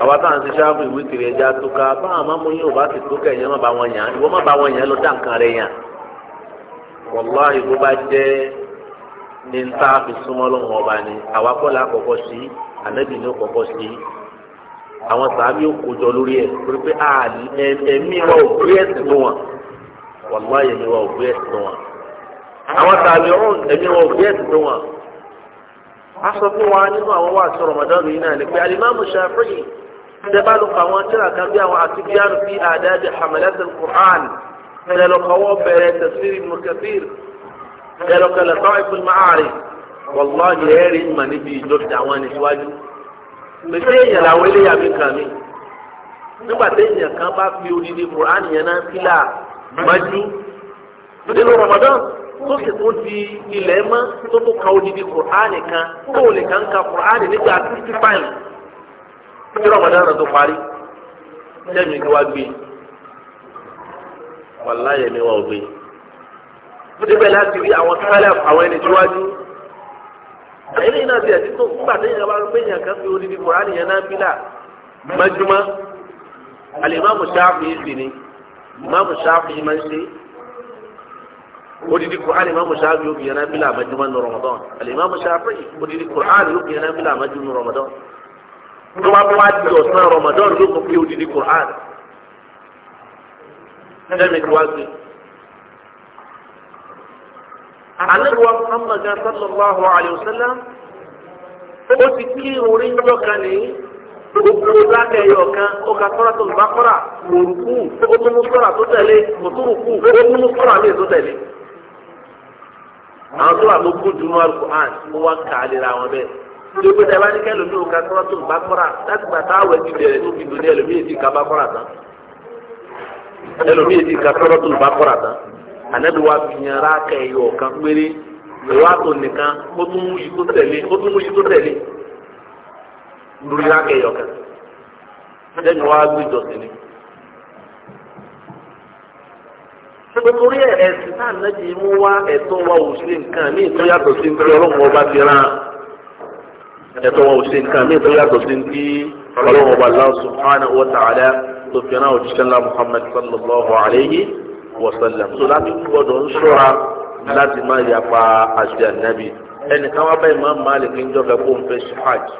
àwa tá à ń ṣiṣẹ́ àbò ìwé kiri ẹja tó ká bá àwọn máa mú yín ò bá ti tó kẹ̀yìn má bá wọn yàn án ìwọ má bá wọn yàn án lọ dá nǹkan rẹ yàn wàláhì bó bá jẹ́ ní ń tá a fi súnmọ́ lọ́wọ́ ọba ni àwa kọ́ la kọ́kọ́ sí ànábì ní kọ́kọ́ sí àwọn sàábì ò kójọ lórí ẹ̀ torí pé ẹ̀mí wa ò gbé ẹ̀sìn fún wọn wàláhì ẹ̀mí wa ò gbé ẹ̀sìn fún wọn àwọn sàábì ẹ̀mí wa ò gbé ẹ̀sìn fún wọn a sọ fún wa nínú àwọn wà sí rọmọdọ́nù yìí náà ni pé alimami shafi'i tẹ́bá ló kọ àwọn tíra kan bí àwọn àti bíyànjú bí àdájẹ hamalat al-qur'an tẹ́lọ̀kọ́wọ́ bẹ̀rẹ̀ tafsir ibn kathir tẹ́lọ̀kọ́lẹ̀ sọ́ọ̀fún ma'ari wàlláhi ẹ̀rí ìmọ̀ níbi ìjọba àwọn ẹnìṣíwájú. pèsè èèyàn làwọn eléyà mi kàn mí nígbà téèyàn kan bá fi odidi qur'an yẹn náà fílà májú nínú rọmọdọ́nù tó sì tún di ilẹ̀ mọ́ tó tún ka odidi kùránì kan tó o lè kàn ka kùránì nígbà títí báyìí tí rọmọdé rẹ tó parí sẹ́mi ni wá gbé wàláyé ni wá ò gbé níbẹ̀ láti rí àwọn sálẹ̀ àwọn ẹni tí wájú ẹni náà ti ẹ̀sìn tó gbà téèyàn bá gbé yàn kan fi odidi kùránì yẹn náà bílà mẹ́júmọ́ alimami Shafi'i sì ni imam Shafi'i máa ń ṣe odidi kur'an imaamu shaafi yóò fi yẹn náà bílà àmàjùmá ní rọmọdán àlè imaamu shaafi odidi kur'an yóò fi yẹn náà bílà àmàjùmá ní rọmọdán tó bá wá di ọ̀sán rọmọdán yóò kó fi odidi kur'an sẹ́mi tí wá sí. anabiwa muhammad sallallahu alayhi wa sallam ó ti kí orin jọ kan ní gbogbo lákẹ́ ẹ̀yọ̀ kan ó ka sọ́ra tó ń bá kọ́ra òrùkú ó múnú sọ́ra tó tẹ̀lé òtúrùkú ó múnú sọ́ra lè tó tẹ̀lé àwọn tó wà ló kó dunu alukur'an ó wá kà á lera wọn bẹ́ẹ̀ tó gbé dábàá ní kẹlẹ́ lómi òkà sọ́wọ́ tó bá kọ́ra láti gbà tá àwẹ̀ ti bẹ̀rẹ̀ tó fi dùn ní ẹlòmíyè ti kà bá kọ́ra tán ẹlòmíyè ti kà sọ́wọ́ tó bá kọ́ra tán ànábi wa fi yan ara kẹ ẹyọ kan péré ìwà tó nìkan ó tún mú yìí tó tẹ̀lé ó tún mú yìí tó tẹ̀lé lórí ara kẹ ẹyọ kan ẹni wa gbé jọ sí ni. nítorí ẹ̀sìn náà lẹ́jì mú wá ẹ̀tọ́ wa ò sí nǹkan ní ìtọ́ yàtọ̀ sí nítorí ọlọ́run ọba ti rán ẹ̀tọ́ wa ò sí nǹkan ní ìtọ́ yàtọ̀ sí ní ọlọ́run ọba Allah subhanahu wa ta'ala tó fi rán òjíṣẹ́ ńlá Muhammad sallallahu alayhi wa sallam tó láti gbọdọ̀ ń ṣọ́ra láti má yapa àṣẹ ànábì ẹnìkan wá bá Imam Malik ń jọ́ fẹ́ kó ń fẹ́ ṣáàjì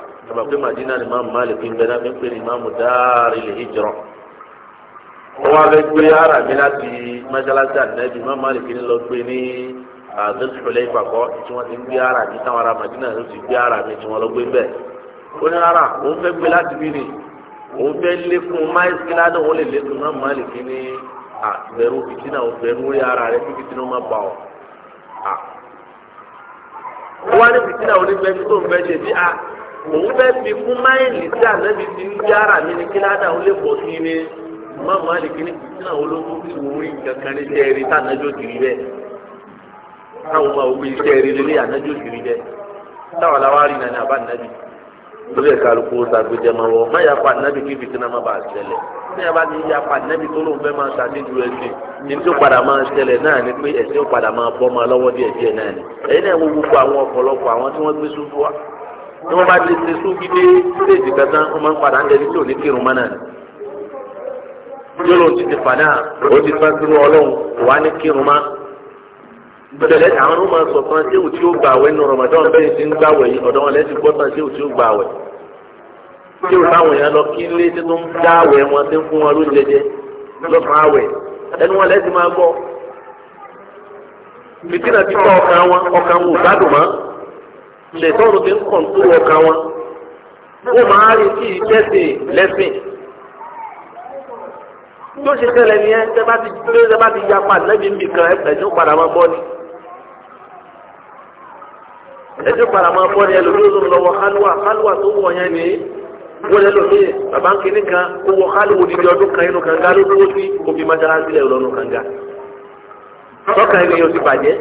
wọ́n wá fẹ́ gbé ara mi láti mọ́ṣáláṣí ànábì má má lè fi lọ gbé ní àdéhùsùlẹ̀ ìfàkọ́ tí wọ́n ti ń gbé ara mi táwọn ará màdínà ló ti gbé ara mi tí wọ́n lọ gbé bẹ́ẹ̀. ó ní rárá òun fẹ́ gbé láti bí ni òun fẹ́ lékun máìsì ládùn òun lè lékun má má lè fi ní àbẹ̀rù fìtínà òbẹ̀rù rí ara rẹ̀ kí fìtínà má bà ọ́. ó wá ní fìtínà onígbẹ́ tó ń fẹ́ ṣe bí a òun fẹ́ fi fún máìlì tí ànábì ti ń gbé ara mi ní kí ládùn òun lè ìmáàmù Malik ní ìtìlá àwọn olóko tí wọ́n rí kankan ní sẹ́ẹ̀rì tá ànájọ́ kiri bẹ́ẹ̀ táwọn máa wí sẹ́ẹ̀rì lélẹ́ ànájọ́ kiri bẹ́ẹ̀ táwọn aláwa rí nàní àbá nàbì lórí ẹ̀ka àlùkò sàgbéjẹ máa wọ̀ má yàpa nàbì kí fìtínà má bàa ṣẹlẹ̀ ní yàrá ní yàpa nàbì tó lóun fẹ́ máa ṣàdéjú ẹsẹ̀ ní tó padà máa ṣẹlẹ̀ náà ni pé ẹ̀sẹ̀ ó padà máa bọ́ máa lọ́wọ́ díẹ̀ díẹ̀ náà ni ẹ̀yin náà wo gbogbo àwọn ọ̀pọ̀lọpọ̀ àwọn tí wọ́n gbé sún fún wa ní wọ́n bá ti ṣe sún gidi sílẹ̀ ìdìgbà wọ́n máa ń padà ń dẹni yóò ti ti fàdà o ti fa sínú ọlọ́run wà ní kírun má. ni àwọn ọmọ sọ ṣé ó gbà wẹ̀ nù Ramadan bẹ́ẹ̀ ti ń gbà wẹ̀ yìí ọ̀dọ́ wọn lẹ́sìn gbọ́ tán ṣé òtí gbà wẹ̀. Ṣé o táwọn èèyàn lọ kí tí tó ń dá wọn ń fún wọn lóúnjẹ jẹ lọ́sàn-án ẹnu wọn lẹ́sìn máa gbọ́. Fìtínà ti kọ́ ọkàn wọn ọkàn gbádùn mọ́. ti ń ọkàn Ó máa rí yóò ṣe tẹ́lẹ̀ ní ẹ tẹ́ bá ti gbé tẹ́ bá ti ya pa lẹ́bi nbì kan ẹ̀jẹ̀ padà máa bọ́ ni ẹ̀jẹ̀ padà máa bọ́ ni ẹlòmíràn ló ń lọ wọ kálúwà kálúwà tó wọ̀ yẹn ni wọ́n lẹ́nu mi bàbá nkíní kan ó wọ kálúwò níbi ọdún kan inú kànga ló dúró sí òbí mọ́sálásí lẹ̀ lọ́nu kànga tọ́ka ẹni yóò ti bàjẹ́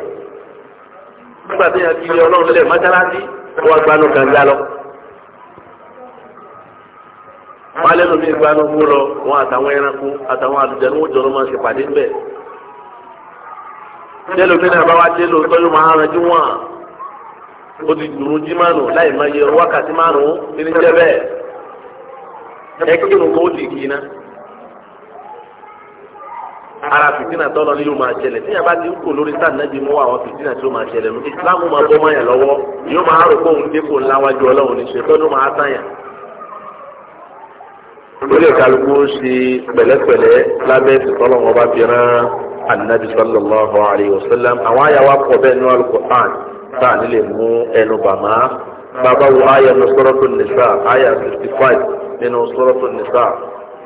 nígbà tó yẹ kí ọlọ́run lẹ̀ mọ́sálásí wọ́n gbanú kànga lọ. wọn alẹ́ lómi ìgbàanú mú lọ wọn àtàwọn ẹranko àtàwọn àlùjẹ ní wọn jọ ló máa ṣe pàdé ńbẹ. tẹ́lẹ̀ omi náà bá wá dé lò tọ́jú máa ràn jí wọn ó ti dùrú jí nù láì máa yẹ wákàtí jẹ́ bẹ́ẹ̀ ti kì ara fìtínà tọ́lọ ni yóò máa ṣẹlẹ̀ bá ti ń kò lórí sáà náà àwọn fìtínà tí yóò máa ṣẹlẹ̀ nù. lórí kálukú ṣe pẹ̀lẹ́pẹ̀lẹ́ lábẹ́ sọlọ ọba fìràn anabi sallallahu alayhi wa sallam àwọn àyàwó akọ bẹ́ẹ̀ nínú alukur'an tá a nílè mú ẹnu bàmá bàbá wo àyà nínú suratul nisa àyà sixty five nínú suratul nisa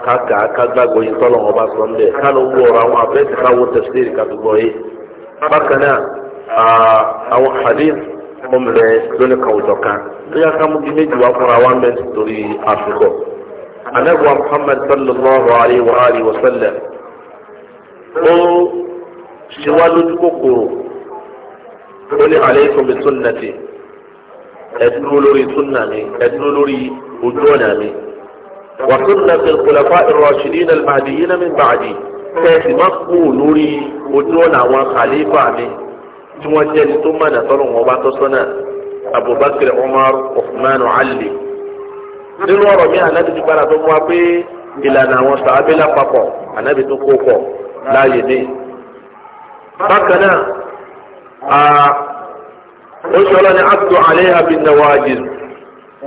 kàkà kàgbàgbọ́ yìí sọlọ ọba sọmbẹ kálọ̀ wọ̀ọ̀rọ̀ àwọn abẹ́sẹ̀ káwọ́ tẹ̀síìrì kàdúgbọ̀ yìí bákan àwọn hadith ọmọ lónìí kàwùjọ kan tó yà ká mú kí méjì wá fúnra wa mẹ́tì torí àfikọ́. ابو محمد صلى الله عليه وآله وسلم هو سوال الكفر قل عليكم بسنتي أدنو لوري سنني أدنو لوري وجوناني وسنة الخلفاء الراشدين المهديين من بعدي كيسي مقبو لوري وجونا وخليفة مي ثم جلتما نصر وباتو سنة أبو بكر عمر عثمان علي nínú ọ̀rọ̀ mi ànábi ti padà tó mú wa pé ìlànà àwọn sàábé lápapọ̀ ànábi tó kó pọ̀ láàyè ní. bákan náà ó ṣe ọlọ́ni àtúntò àlẹ́ àbí nàwọ̀ àjè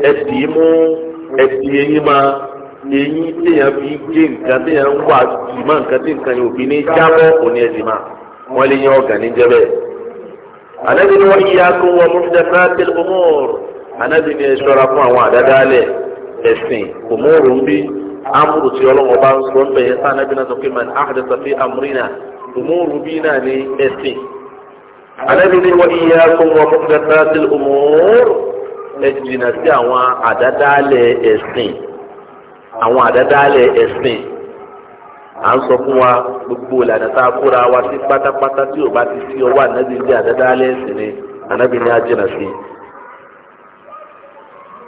ẹ̀sì mú ẹ̀sì eyín máa eyín téèyàn fi gé nǹkan téèyàn ń wà jùmọ̀ nǹkan tí nǹkan yóò fi ní jábọ̀ òní ẹ̀sìn máa wọ́n lè yan ọ̀gà ní jẹ́bẹ̀. ànábi ni wọ́n yí akó wọn mú fún ẹ̀fẹ́ àti ẹ̀fọ́ mọ́ọ̀rù ànábi ni ẹ̀ ẹ̀sìn kò mú òrùn bí amúrù tí ọlọ́wọ́ bá ń sọ ń bẹ̀yẹ sáà nàbí náà sọ pé man ahdatha fi amrina kò mú òrùn bí náà ní ẹ̀sìn. anábì ní wa iyyakum wa muhdathatil umur ẹ jìnnà sí àwọn àdádálẹ̀ ẹ̀sìn àwọn àdádálẹ̀ ẹ̀sìn à ń sọ fún wa gbogbo ìlànà tá a kóra wa sí pátápátá tí ò bá ti sí ọwọ́ àdádálẹ̀ ẹ̀sìn ni ànábì ní a jìnnà sí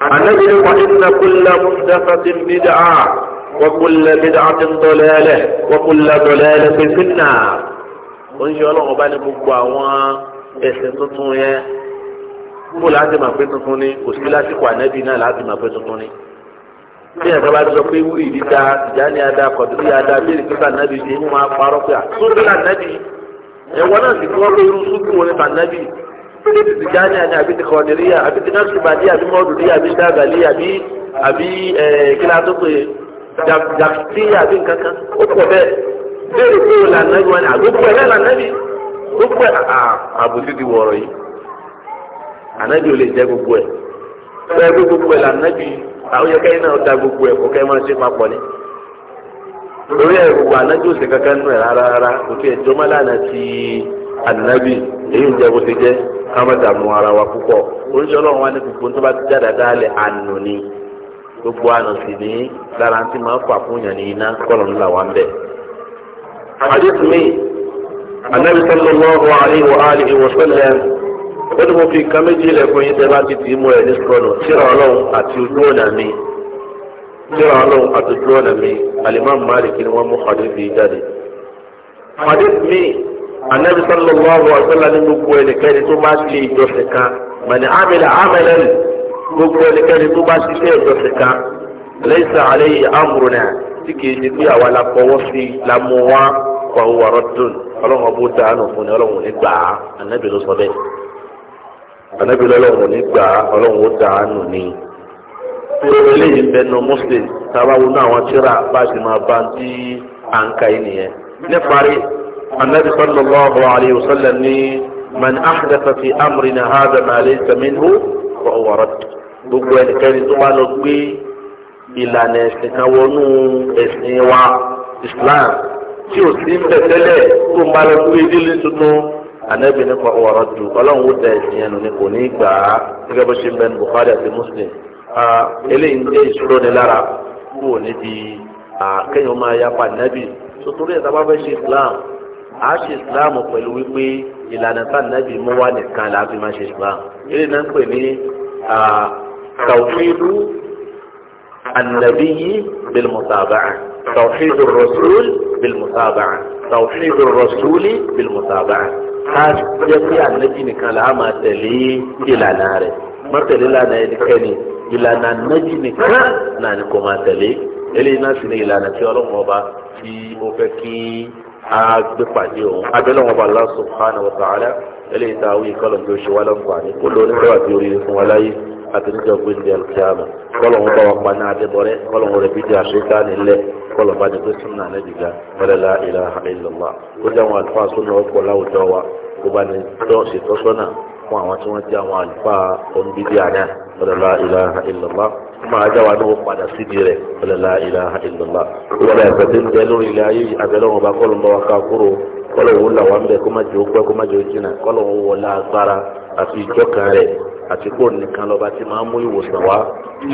النبي وإن كل محدثة بدعة وكل بدعة ضلالة وكل ضلالة في النار wọ́n ṣe ọlọ́run ọba ní gbogbo àwọn ẹ̀sìn tuntun yẹn kó láti máa pé tuntun ni kò sí lásìkò ànẹ́bí náà láti máa pé tuntun ni. bí ẹ̀ka bá sọ pé wúrì yìí da ìjáni ada kọ̀dúrí ada bí èrè kíkà ànẹ́bí ṣe ń máa parọ́ pé àtúntò ànẹ́bí ẹ̀wọ́n náà sì kọ́ pé irú sùkúrò nípa ànẹ́bí ṣé ti tìjáni àní àbí ti kọ̀ọ̀nìríyà àbí ti násùmàdí àbí mọ́ọ̀dùnríyà àbí dàgàlí àbí àbí eh, kílá tó pè jàpìtìyà àbí nǹkan kan ó pọ̀ bẹ́ẹ̀ léèrè pé o lànà ìwọ ni àgbo pẹ̀ bẹ́ẹ̀ lànà mi ó pẹ̀ ah, ah, ah, àbùsí ti wọ̀rọ̀ yìí ànábì ò lè jẹ́ gbogbo ẹ̀ bẹ́ẹ̀ gbé gbogbo ẹ̀ lànà bí àwọn yẹ kẹ́yìn náà da gbogbo ẹ̀ kó kẹ́yìn máa ṣe papọ̀ ni lórí ẹ̀ gbogbo ànábì ò sì kankan nù ẹ̀ rárá rárá kò ẹ̀ jọ́mọ́lá náà ti ànábì èyí ń jẹ bó ti jẹ ká má dààmú ara wa púpọ̀ oríṣi ọlọ́run wa ní gbogbo tó bá ti jáde dáálẹ̀ àánú ni gbogbo àánú sì ní lára tí máa fà fún yàn ní iná kọ́lọ̀ ńlá wa ń bẹ̀. àdéhùn mi ànábì sallallahu alaihi wa alihi wa sallam ó ní mo fi nǹkan méjì lẹ́kùn yín tẹ́ bá ti tì í mú ẹ̀ ní sọ̀nù síra ọlọ́run àti ojú ọ̀nà mi síra ọlọ́run àti ojú ọ̀nà mi alimami Malik ni wọ́n mú hadith yìí jáde. hadith mi anabi sallallahu alaihi wa sallam ní gbogbo ẹnikẹ́ni tó bá ṣe ìjọsìn kan mani amila amalan gbogbo ẹnikẹ́ni tó bá ṣiṣẹ́ ìjọsìn kan laysa alayhi amruna tí kìí ṣe pé àwa la fọwọ́ sí la mú wá wa huwa raddun ọlọ́run ọbọ̀ dànù fún ni ọlọ́run ò ní gbà á anabi ló sọ bẹ́ẹ̀ anabi lọ́lọ́run ò ní gbà á ọlọ́run ó dànù ni ìròyìn eléyìí bẹnu muslim táwa wọnú àwọn tíra bá a ti máa bá ti à yìí nìyẹn النبي صلى الله عليه وسلم من أحدث في أمرنا هذا ما ليس منه فهو رد gbogbo ẹnikẹ́ni tó bá lọ gbé ìlànà ẹ̀sìn kan wọnú ẹ̀sìn wa Islam tí ò sí tẹ̀tẹ́lẹ̀ tó ń bá lọ gbé délé tuntun anabi nípa ọ̀rọ̀ ju ọlọ́run ó da ẹ̀sìn yẹn ni kò ní gbà á gẹ́gẹ́ bó ṣe ń bẹ ní àti Muslim eléyìí ń jẹ́ ìṣòro ni lára kúrò níbi kéèyàn máa yapa nabi sotori ẹ̀ bá fẹ́ ṣe Islam a ṣe islam pẹ̀lú wípé ìlànà sànàbí mú wá nìkan là á fi máa ṣe islam eré náà ń pè ní tawhidu annabiyi bilmutaba'a tawhidu rasul bilmutaba'a tawhidu rasuli bilmutaba'a ká jẹ́ pé ànábì nìkan là á tẹ̀lé ìlànà rẹ̀ mọ́tẹ̀lé ìlànà ẹnikẹ́ni ìlànà ànábì nìkan náà ni kò máa tẹ̀lé eléyìí náà sì ni ìlànà tí ọlọ́run tí ó fẹ́ kí agbépàdé òun abẹ́lẹ́ wọn bá Allah subhanahu wa ta'ala eléyìí tá a wí kọ́lọ̀ tó ṣe wá lọ́nfààní kó ló ní bẹ́wà tí fún wa láyé àti níjọ gbéńdé alkiyama kọ́lọ̀ wọn bá wa pa náà adébọ̀rẹ́ kọ́lọ̀ wọn rẹ̀ bí di àṣetá nílẹ̀ kọ́lọ̀ bá ní pé súnmọ́ àná jìgá wọlélá ilaha illallah ó jẹ́ àwọn àlùfáà súnmọ́ ọkọ̀ láwùjọ wa kó bá ní ṣètọ́sọ́nà fún àwọn tí wọ́n jẹ́ àwọn àlùfáà oníbíbí àná wọlélá ilaha illallah máa jáwa ní wọn padà síbi rẹ̀ ọlọ́lá ilaha illallah ìwọlẹ̀ ẹ̀fẹ́ tí ń bẹ lórí ilẹ̀ ayé àbẹ̀lọ́wọ̀n bá kọ́lù ń bá wa ká kúrò kọ́lù òun là wà ń bẹ kó má jẹ́ òpẹ́ kó má jẹ́ òjìnà kọ́lù òun wọlé agbára àti ìjọkàn rẹ̀ àti kó nìkan lọ́ba tí máa ń mú ìwòsàn wá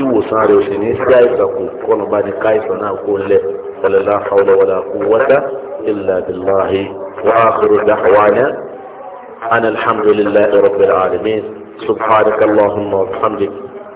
ìwòsàn rẹ̀ òsì ní sí àìsàn kù kọ́lù bá ní káìsàn náà kó lẹ̀ ọlọ́lá hawla wala quwwata illa alamin subhanaka allahumma